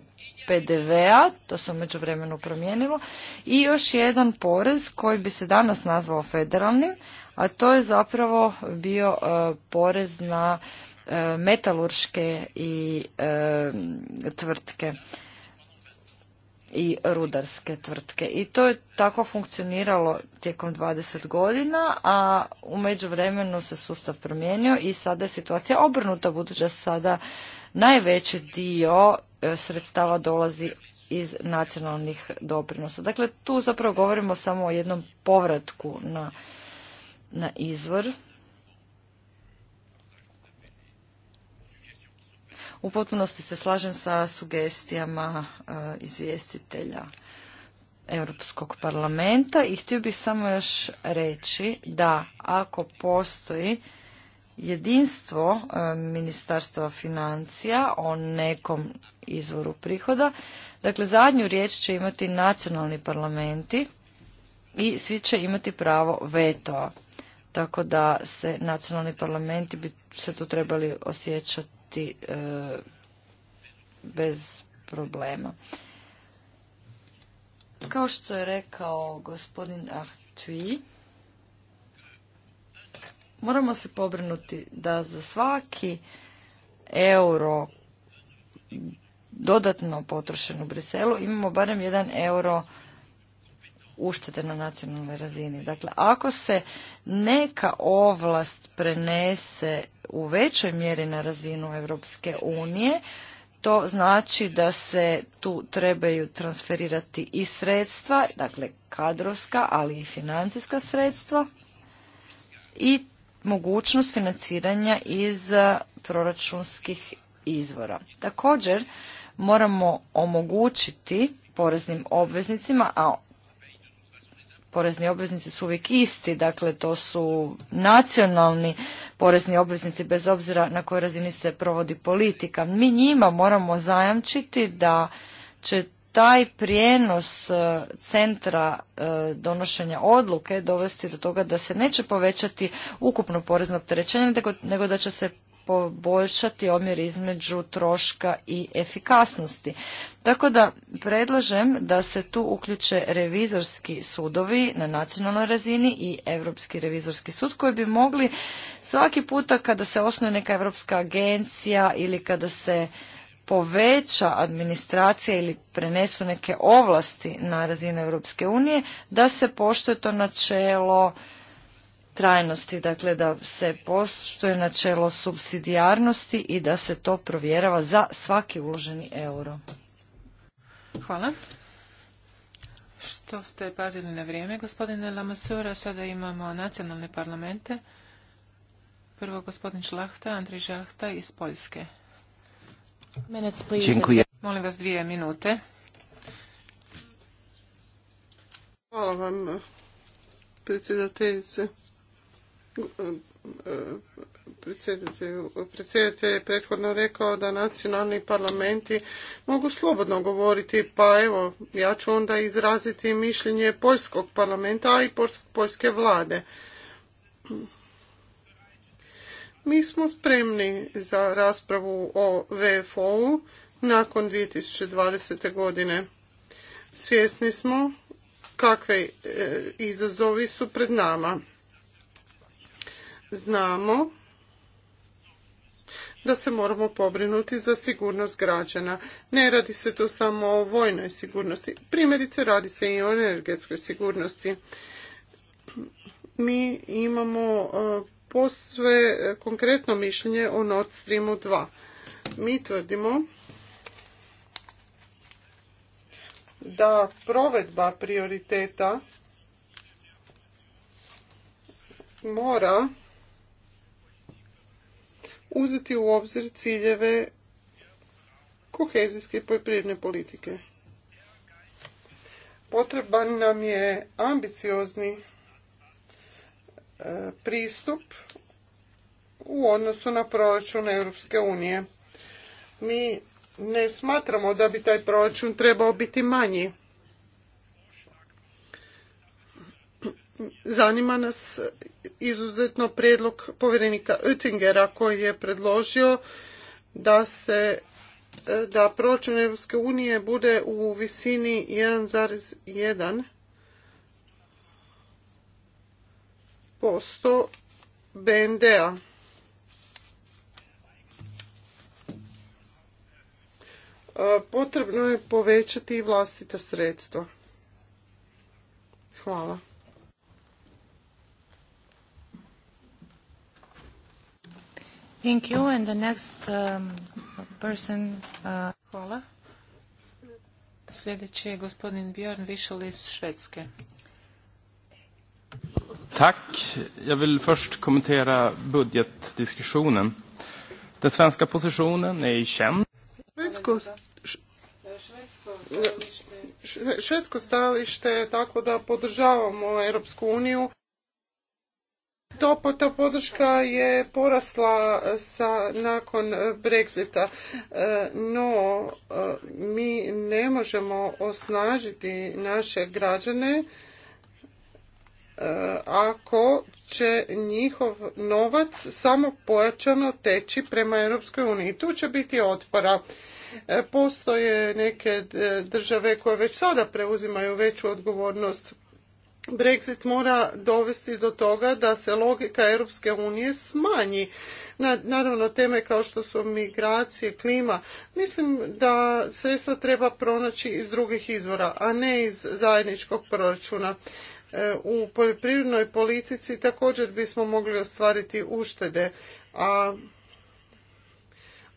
PDV-a, to se u vremenu promijenilo, i još jedan porez koji bi se danas nazvao federalnim, a to je zapravo bio e, porez na e, metalurške i tvrtke i rudarske tvrtke. I to je tako funkcioniralo tijekom 20 godina, a u međuvremenu se sustav promijenio i sada je situacija obrnuta, budući da sada najveći dio e, sredstava dolazi iz nacionalnih doprinosa. Dakle, tu zapravo govorimo samo o jednom povratku na, na izvor U potpunosti se slažem sa sugestijama e, izvjestitelja Europskog parlamenta i htio bih samo još reći da ako postoji jedinstvo e, Ministarstva financija o nekom izvoru prihoda, dakle zadnju riječ će imati nacionalni parlamenti i svi će imati pravo vetoa. Tako da se nacionalni parlamenti bi se tu trebali osjećati E, bez problema. Kao što je rekao gospodin Ahtui, moramo se pobrinuti da za svaki euro dodatno potrošen u Briselu imamo barem jedan euro uštede na nacionalnoj razini. Dakle, ako se neka ovlast prenese u većoj mjeri na razinu Europske unije, to znači da se tu trebaju transferirati i sredstva, dakle kadrovska, ali i financijska sredstva i mogućnost financiranja iz proračunskih izvora. Također moramo omogućiti poreznim obveznicima, a porezni obveznici su uvijek isti, dakle to su nacionalni porezni obveznici bez obzira na kojoj razini se provodi politika. Mi njima moramo zajamčiti da će taj prijenos e, centra e, donošenja odluke dovesti do toga da se neće povećati ukupno porezno opterećenje, nego da će se poboljšati omjer između troška i efikasnosti. Tako da predlažem da se tu uključe revizorski sudovi na nacionalnoj razini i Europski revizorski sud koji bi mogli svaki puta kada se osnuje neka europska agencija ili kada se poveća administracija ili prenesu neke ovlasti na razinu Europske unije, da se poštuje to načelo trajnosti, dakle da se poštuje načelo subsidijarnosti i da se to provjerava za svaki uloženi euro. Hvala. Što ste pazili na vrijeme, gospodine Lamasura. Sada imamo nacionalne parlamente. Prvo gospodin Šlahta, andrij Žahta iz Poljske. Molim vas dvije minute. Hvala vam, predsjedateljice predsjedatelj je prethodno rekao da nacionalni parlamenti mogu slobodno govoriti, pa evo, ja ću onda izraziti mišljenje Poljskog parlamenta, a i Poljske vlade. Mi smo spremni za raspravu o VFO-u nakon 2020. godine. Svjesni smo kakve e, izazovi su pred nama znamo da se moramo pobrinuti za sigurnost građana. Ne radi se tu samo o vojnoj sigurnosti. Primjerice radi se i o energetskoj sigurnosti. Mi imamo e, posve konkretno mišljenje o Nord Streamu 2. Mi tvrdimo da provedba prioriteta mora uzeti u obzir ciljeve kohezijske i poljoprivredne politike. Potreban nam je ambiciozni e, pristup u odnosu na proračun Europske unije. Mi ne smatramo da bi taj proračun trebao biti manji. zanima nas izuzetno prijedlog povjerenika Oettingera koji je predložio da se da proračun Europske unije bude u visini 1,1 posto BND-a. Potrebno je povećati i vlastita sredstva. Hvala. Thank you. And the next um, person... Uh, Hvala. Sljedeći je gospodin Björn Višel iz Švedske. Tack. Jag vill först kommentera budgetdiskussionen. Den svenska positionen är känd. Švedsko, švedsko stajalište je tako da podržavamo Europsku uniju to, ta podrška je porasla sa, nakon Brexita, e, no e, mi ne možemo osnažiti naše građane e, ako će njihov novac samo pojačano teći prema Europskoj uniji. Tu će biti otpora. Postoje neke države koje već sada preuzimaju veću odgovornost Brexit mora dovesti do toga da se logika Europske unije smanji. Naravno, teme kao što su migracije, klima, mislim da sredstva treba pronaći iz drugih izvora, a ne iz zajedničkog proračuna. E, u poljoprivrednoj politici također bismo mogli ostvariti uštede, a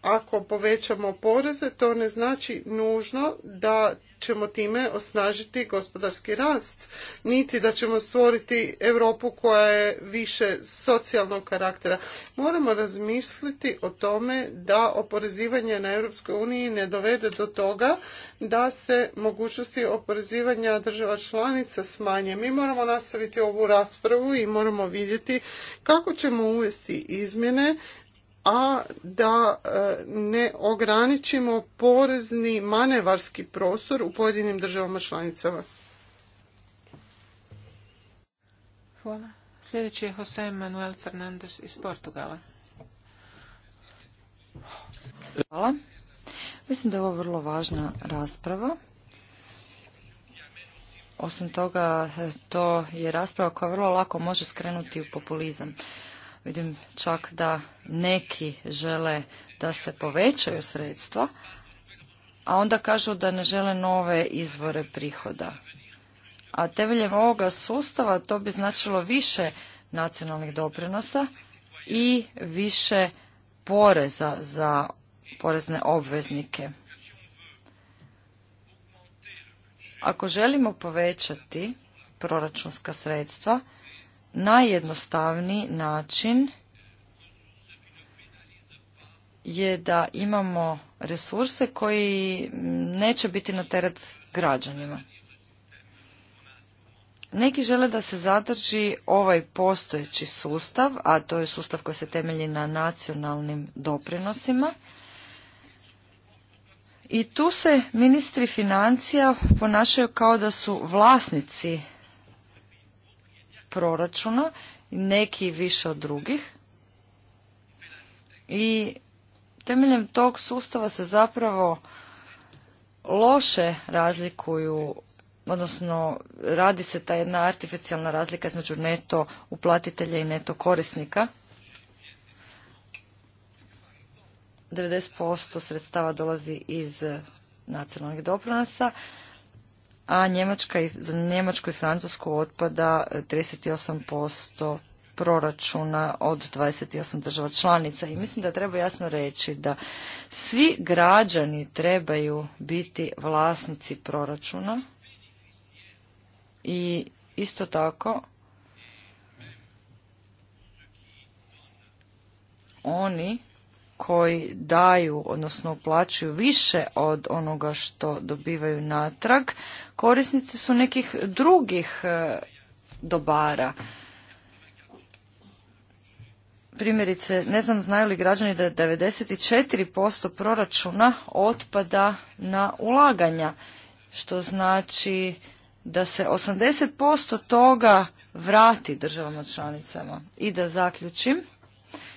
ako povećamo poreze, to ne znači nužno da ćemo time osnažiti gospodarski rast, niti da ćemo stvoriti Europu koja je više socijalnog karaktera. Moramo razmisliti o tome da oporezivanje na Europskoj uniji ne dovede do toga da se mogućnosti oporezivanja država članica smanje. Mi moramo nastaviti ovu raspravu i moramo vidjeti kako ćemo uvesti izmjene a da e, ne ograničimo porezni manevarski prostor u pojedinim državama članicama. Hvala. Sljedeći je Jose Manuel Fernandez iz Portugala. Hvala. Mislim da je ovo vrlo važna rasprava. Osim toga, to je rasprava koja vrlo lako može skrenuti u populizam. Vidim čak da neki žele da se povećaju sredstva, a onda kažu da ne žele nove izvore prihoda. A temeljem ovoga sustava to bi značilo više nacionalnih doprinosa i više poreza za porezne obveznike. Ako želimo povećati proračunska sredstva, najjednostavniji način je da imamo resurse koji neće biti na teret građanima. Neki žele da se zadrži ovaj postojeći sustav, a to je sustav koji se temelji na nacionalnim doprinosima. I tu se ministri financija ponašaju kao da su vlasnici proračuna, neki više od drugih. I temeljem tog sustava se zapravo loše razlikuju odnosno radi se ta jedna artificijalna razlika između neto uplatitelja i neto korisnika. 90% sredstava dolazi iz nacionalnih doprinosa, a Njemačka i, za Njemačku i Francusku otpada 38% e, proračuna od 28 država članica i mislim da treba jasno reći da svi građani trebaju biti vlasnici proračuna i isto tako oni koji daju, odnosno uplaćuju više od onoga što dobivaju natrag, korisnici su nekih drugih e, dobara. Primjerice, ne znam znaju li građani da 94% proračuna otpada na ulaganja, što znači da se 80% toga vrati državama članicama. I da zaključim,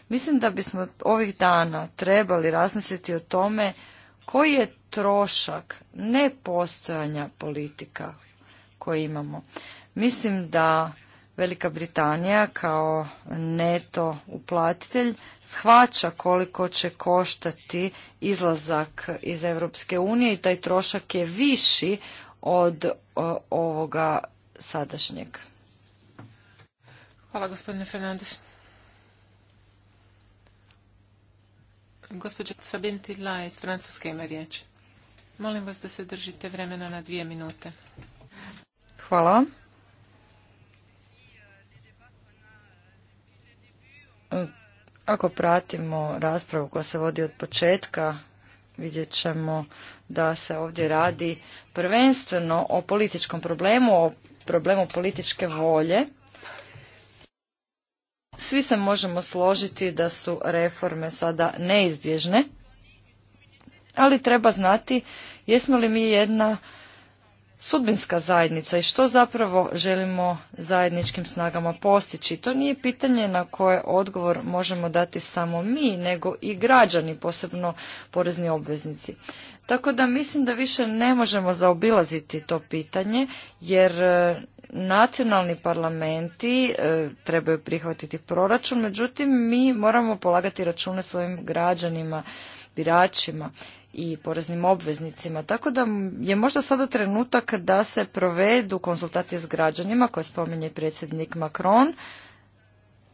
Mislim da bismo ovih dana trebali razmisliti o tome koji je trošak nepostojanja politika koje imamo. Mislim da Velika Britanija kao neto uplatitelj shvaća koliko će koštati izlazak iz Europske unije i taj trošak je viši od ovoga sadašnjeg. Hvala gospodine Fernandez. Gospođa Sabintila iz Francuske ima riječ. Molim vas da se držite vremena na dvije minute. Hvala. Ako pratimo raspravu koja se vodi od početka, vidjet ćemo da se ovdje radi prvenstveno o političkom problemu, o problemu političke volje svi se možemo složiti da su reforme sada neizbježne, ali treba znati jesmo li mi jedna sudbinska zajednica i što zapravo želimo zajedničkim snagama postići. To nije pitanje na koje odgovor možemo dati samo mi, nego i građani, posebno porezni obveznici. Tako da mislim da više ne možemo zaobilaziti to pitanje, jer nacionalni parlamenti e, trebaju prihvatiti proračun, međutim mi moramo polagati račune svojim građanima, biračima i poreznim obveznicima. Tako da je možda sada trenutak da se provedu konsultacije s građanima koje spominje predsjednik Macron.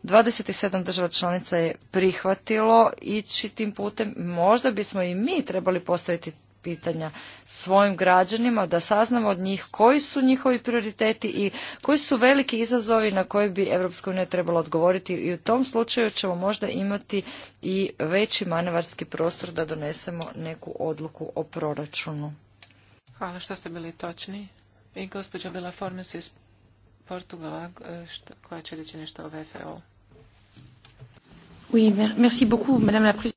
27 država članica je prihvatilo ići tim putem. Možda bismo i mi trebali postaviti pitanja svojim građanima, da saznamo od njih koji su njihovi prioriteti i koji su veliki izazovi na koje bi Evropska unija trebala odgovoriti i u tom slučaju ćemo možda imati i veći manevarski prostor da donesemo neku odluku o proračunu. Hvala što ste bili točni. I gospođa Bila Formes iz Portugala e, koja će reći nešto o VFO.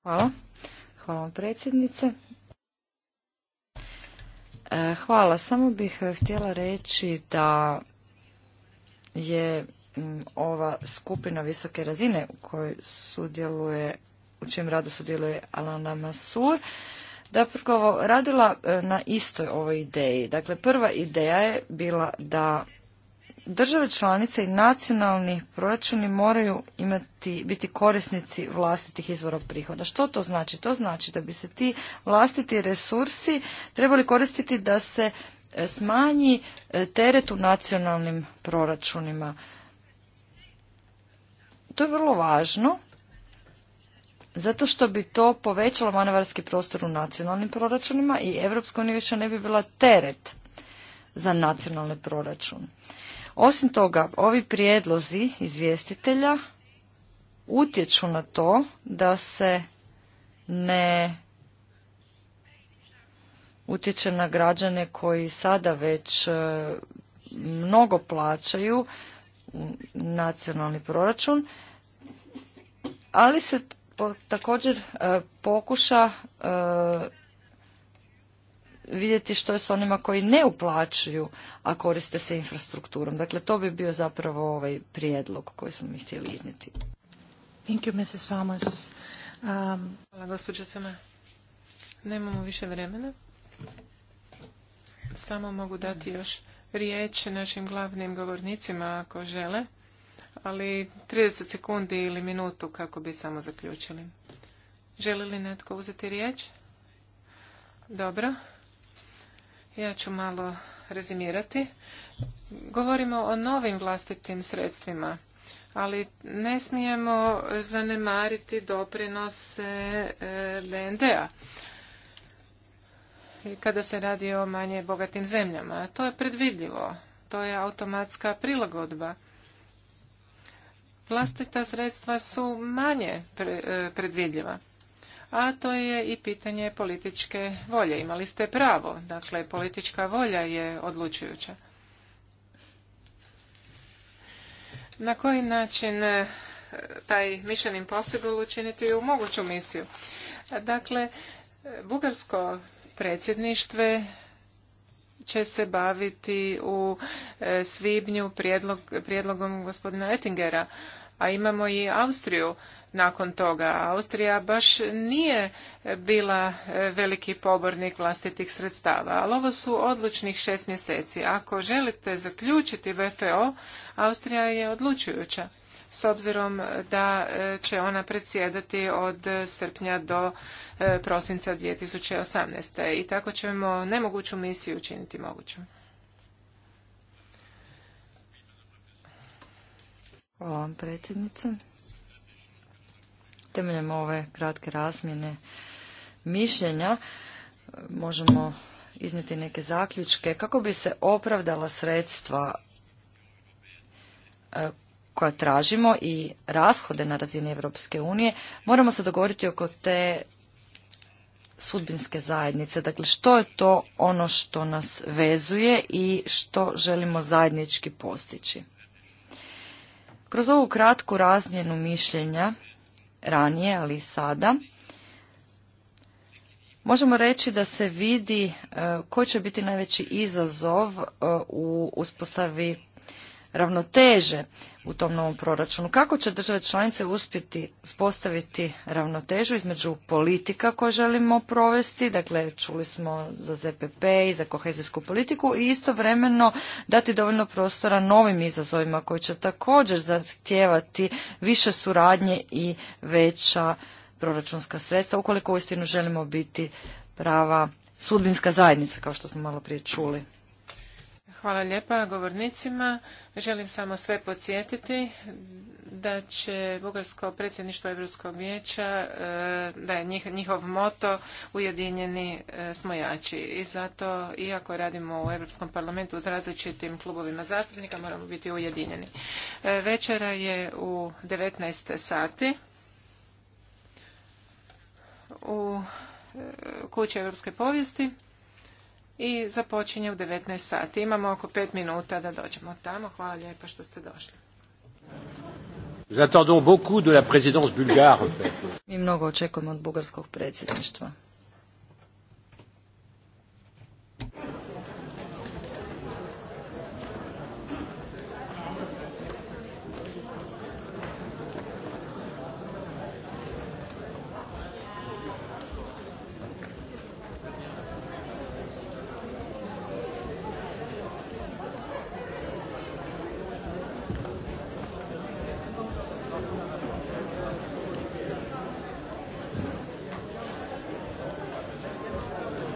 Hvala. Hvala vam predsjednice. E, hvala. Samo bih e, htjela reći da je ova skupina visoke razine u kojoj sudjeluje, u čijem radu sudjeluje Alana Masur, da radila e, na istoj ovoj ideji. Dakle, prva ideja je bila da države članice i nacionalni proračuni moraju imati, biti korisnici vlastitih izvora prihoda. Što to znači? To znači da bi se ti vlastiti resursi trebali koristiti da se e, smanji e, teret u nacionalnim proračunima. To je vrlo važno zato što bi to povećalo manevarski prostor u nacionalnim proračunima i Evropska unija više ne bi bila teret za nacionalni proračun. Osim toga, ovi prijedlozi izvjestitelja utječu na to da se ne utječe na građane koji sada već e, mnogo plaćaju nacionalni proračun, ali se također e, pokuša e, vidjeti što je s onima koji ne uplaćuju, a koriste se infrastrukturom. Dakle, to bi bio zapravo ovaj prijedlog koji smo mi htjeli iznijeti. Thank you, Mrs. Thomas. Um, hvala, gospođo Sama. Nemamo više vremena. Samo mogu dati još riječ našim glavnim govornicima ako žele, ali 30 sekundi ili minutu kako bi samo zaključili. Želi li netko uzeti riječ? Dobro. Ja ću malo rezimirati. Govorimo o novim vlastitim sredstvima, ali ne smijemo zanemariti doprinose e, bnd a kada se radi o manje bogatim zemljama. To je predvidljivo, to je automatska prilagodba. Vlastita sredstva su manje e, predvidljiva a to je i pitanje političke volje. Imali ste pravo, dakle politička volja je odlučujuća. Na koji način eh, taj Mission Impossible učiniti u moguću misiju? Dakle, bugarsko predsjedništve će se baviti u eh, svibnju prijedlogom gospodina Ettingera, a imamo i Austriju nakon toga. Austrija baš nije bila veliki pobornik vlastitih sredstava, ali ovo su odlučnih šest mjeseci. Ako želite zaključiti VFO, Austrija je odlučujuća s obzirom da e, će ona predsjedati od srpnja do e, prosinca 2018. I tako ćemo nemoguću misiju učiniti mogućom. Hvala vam predsjednice temeljem ove kratke razmjene mišljenja možemo iznijeti neke zaključke kako bi se opravdala sredstva e, koja tražimo i rashode na razini Europske unije, moramo se dogovoriti oko te sudbinske zajednice. Dakle, što je to ono što nas vezuje i što želimo zajednički postići. Kroz ovu kratku razmjenu mišljenja ranije, ali i sada, možemo reći da se vidi e, koji će biti najveći izazov e, u uspostavi ravnoteže u tom novom proračunu. Kako će države članice uspjeti uspostaviti ravnotežu između politika koje želimo provesti, dakle čuli smo za ZPP i za kohezijsku politiku i istovremeno dati dovoljno prostora novim izazovima koji će također zahtijevati više suradnje i veća proračunska sredstva ukoliko uistinu želimo biti prava sudbinska zajednica kao što smo malo prije čuli. Hvala lijepa govornicima. Želim samo sve podsjetiti da će Bugarsko predsjedništvo Europskog vijeća, e, da je njihov moto ujedinjeni e, smo jači. I zato, iako radimo u Europskom parlamentu uz različitim klubovima zastupnika, moramo biti ujedinjeni. E, večera je u 19 sati. U kući Europske povijesti i započinje u 19 sati. Imamo oko 5 minuta da dođemo tamo. Hvala lijepa što ste došli. Nous attendons beaucoup de la présidence bulgare en Mi mnogo očekujemo od bugarskog predsjedništva.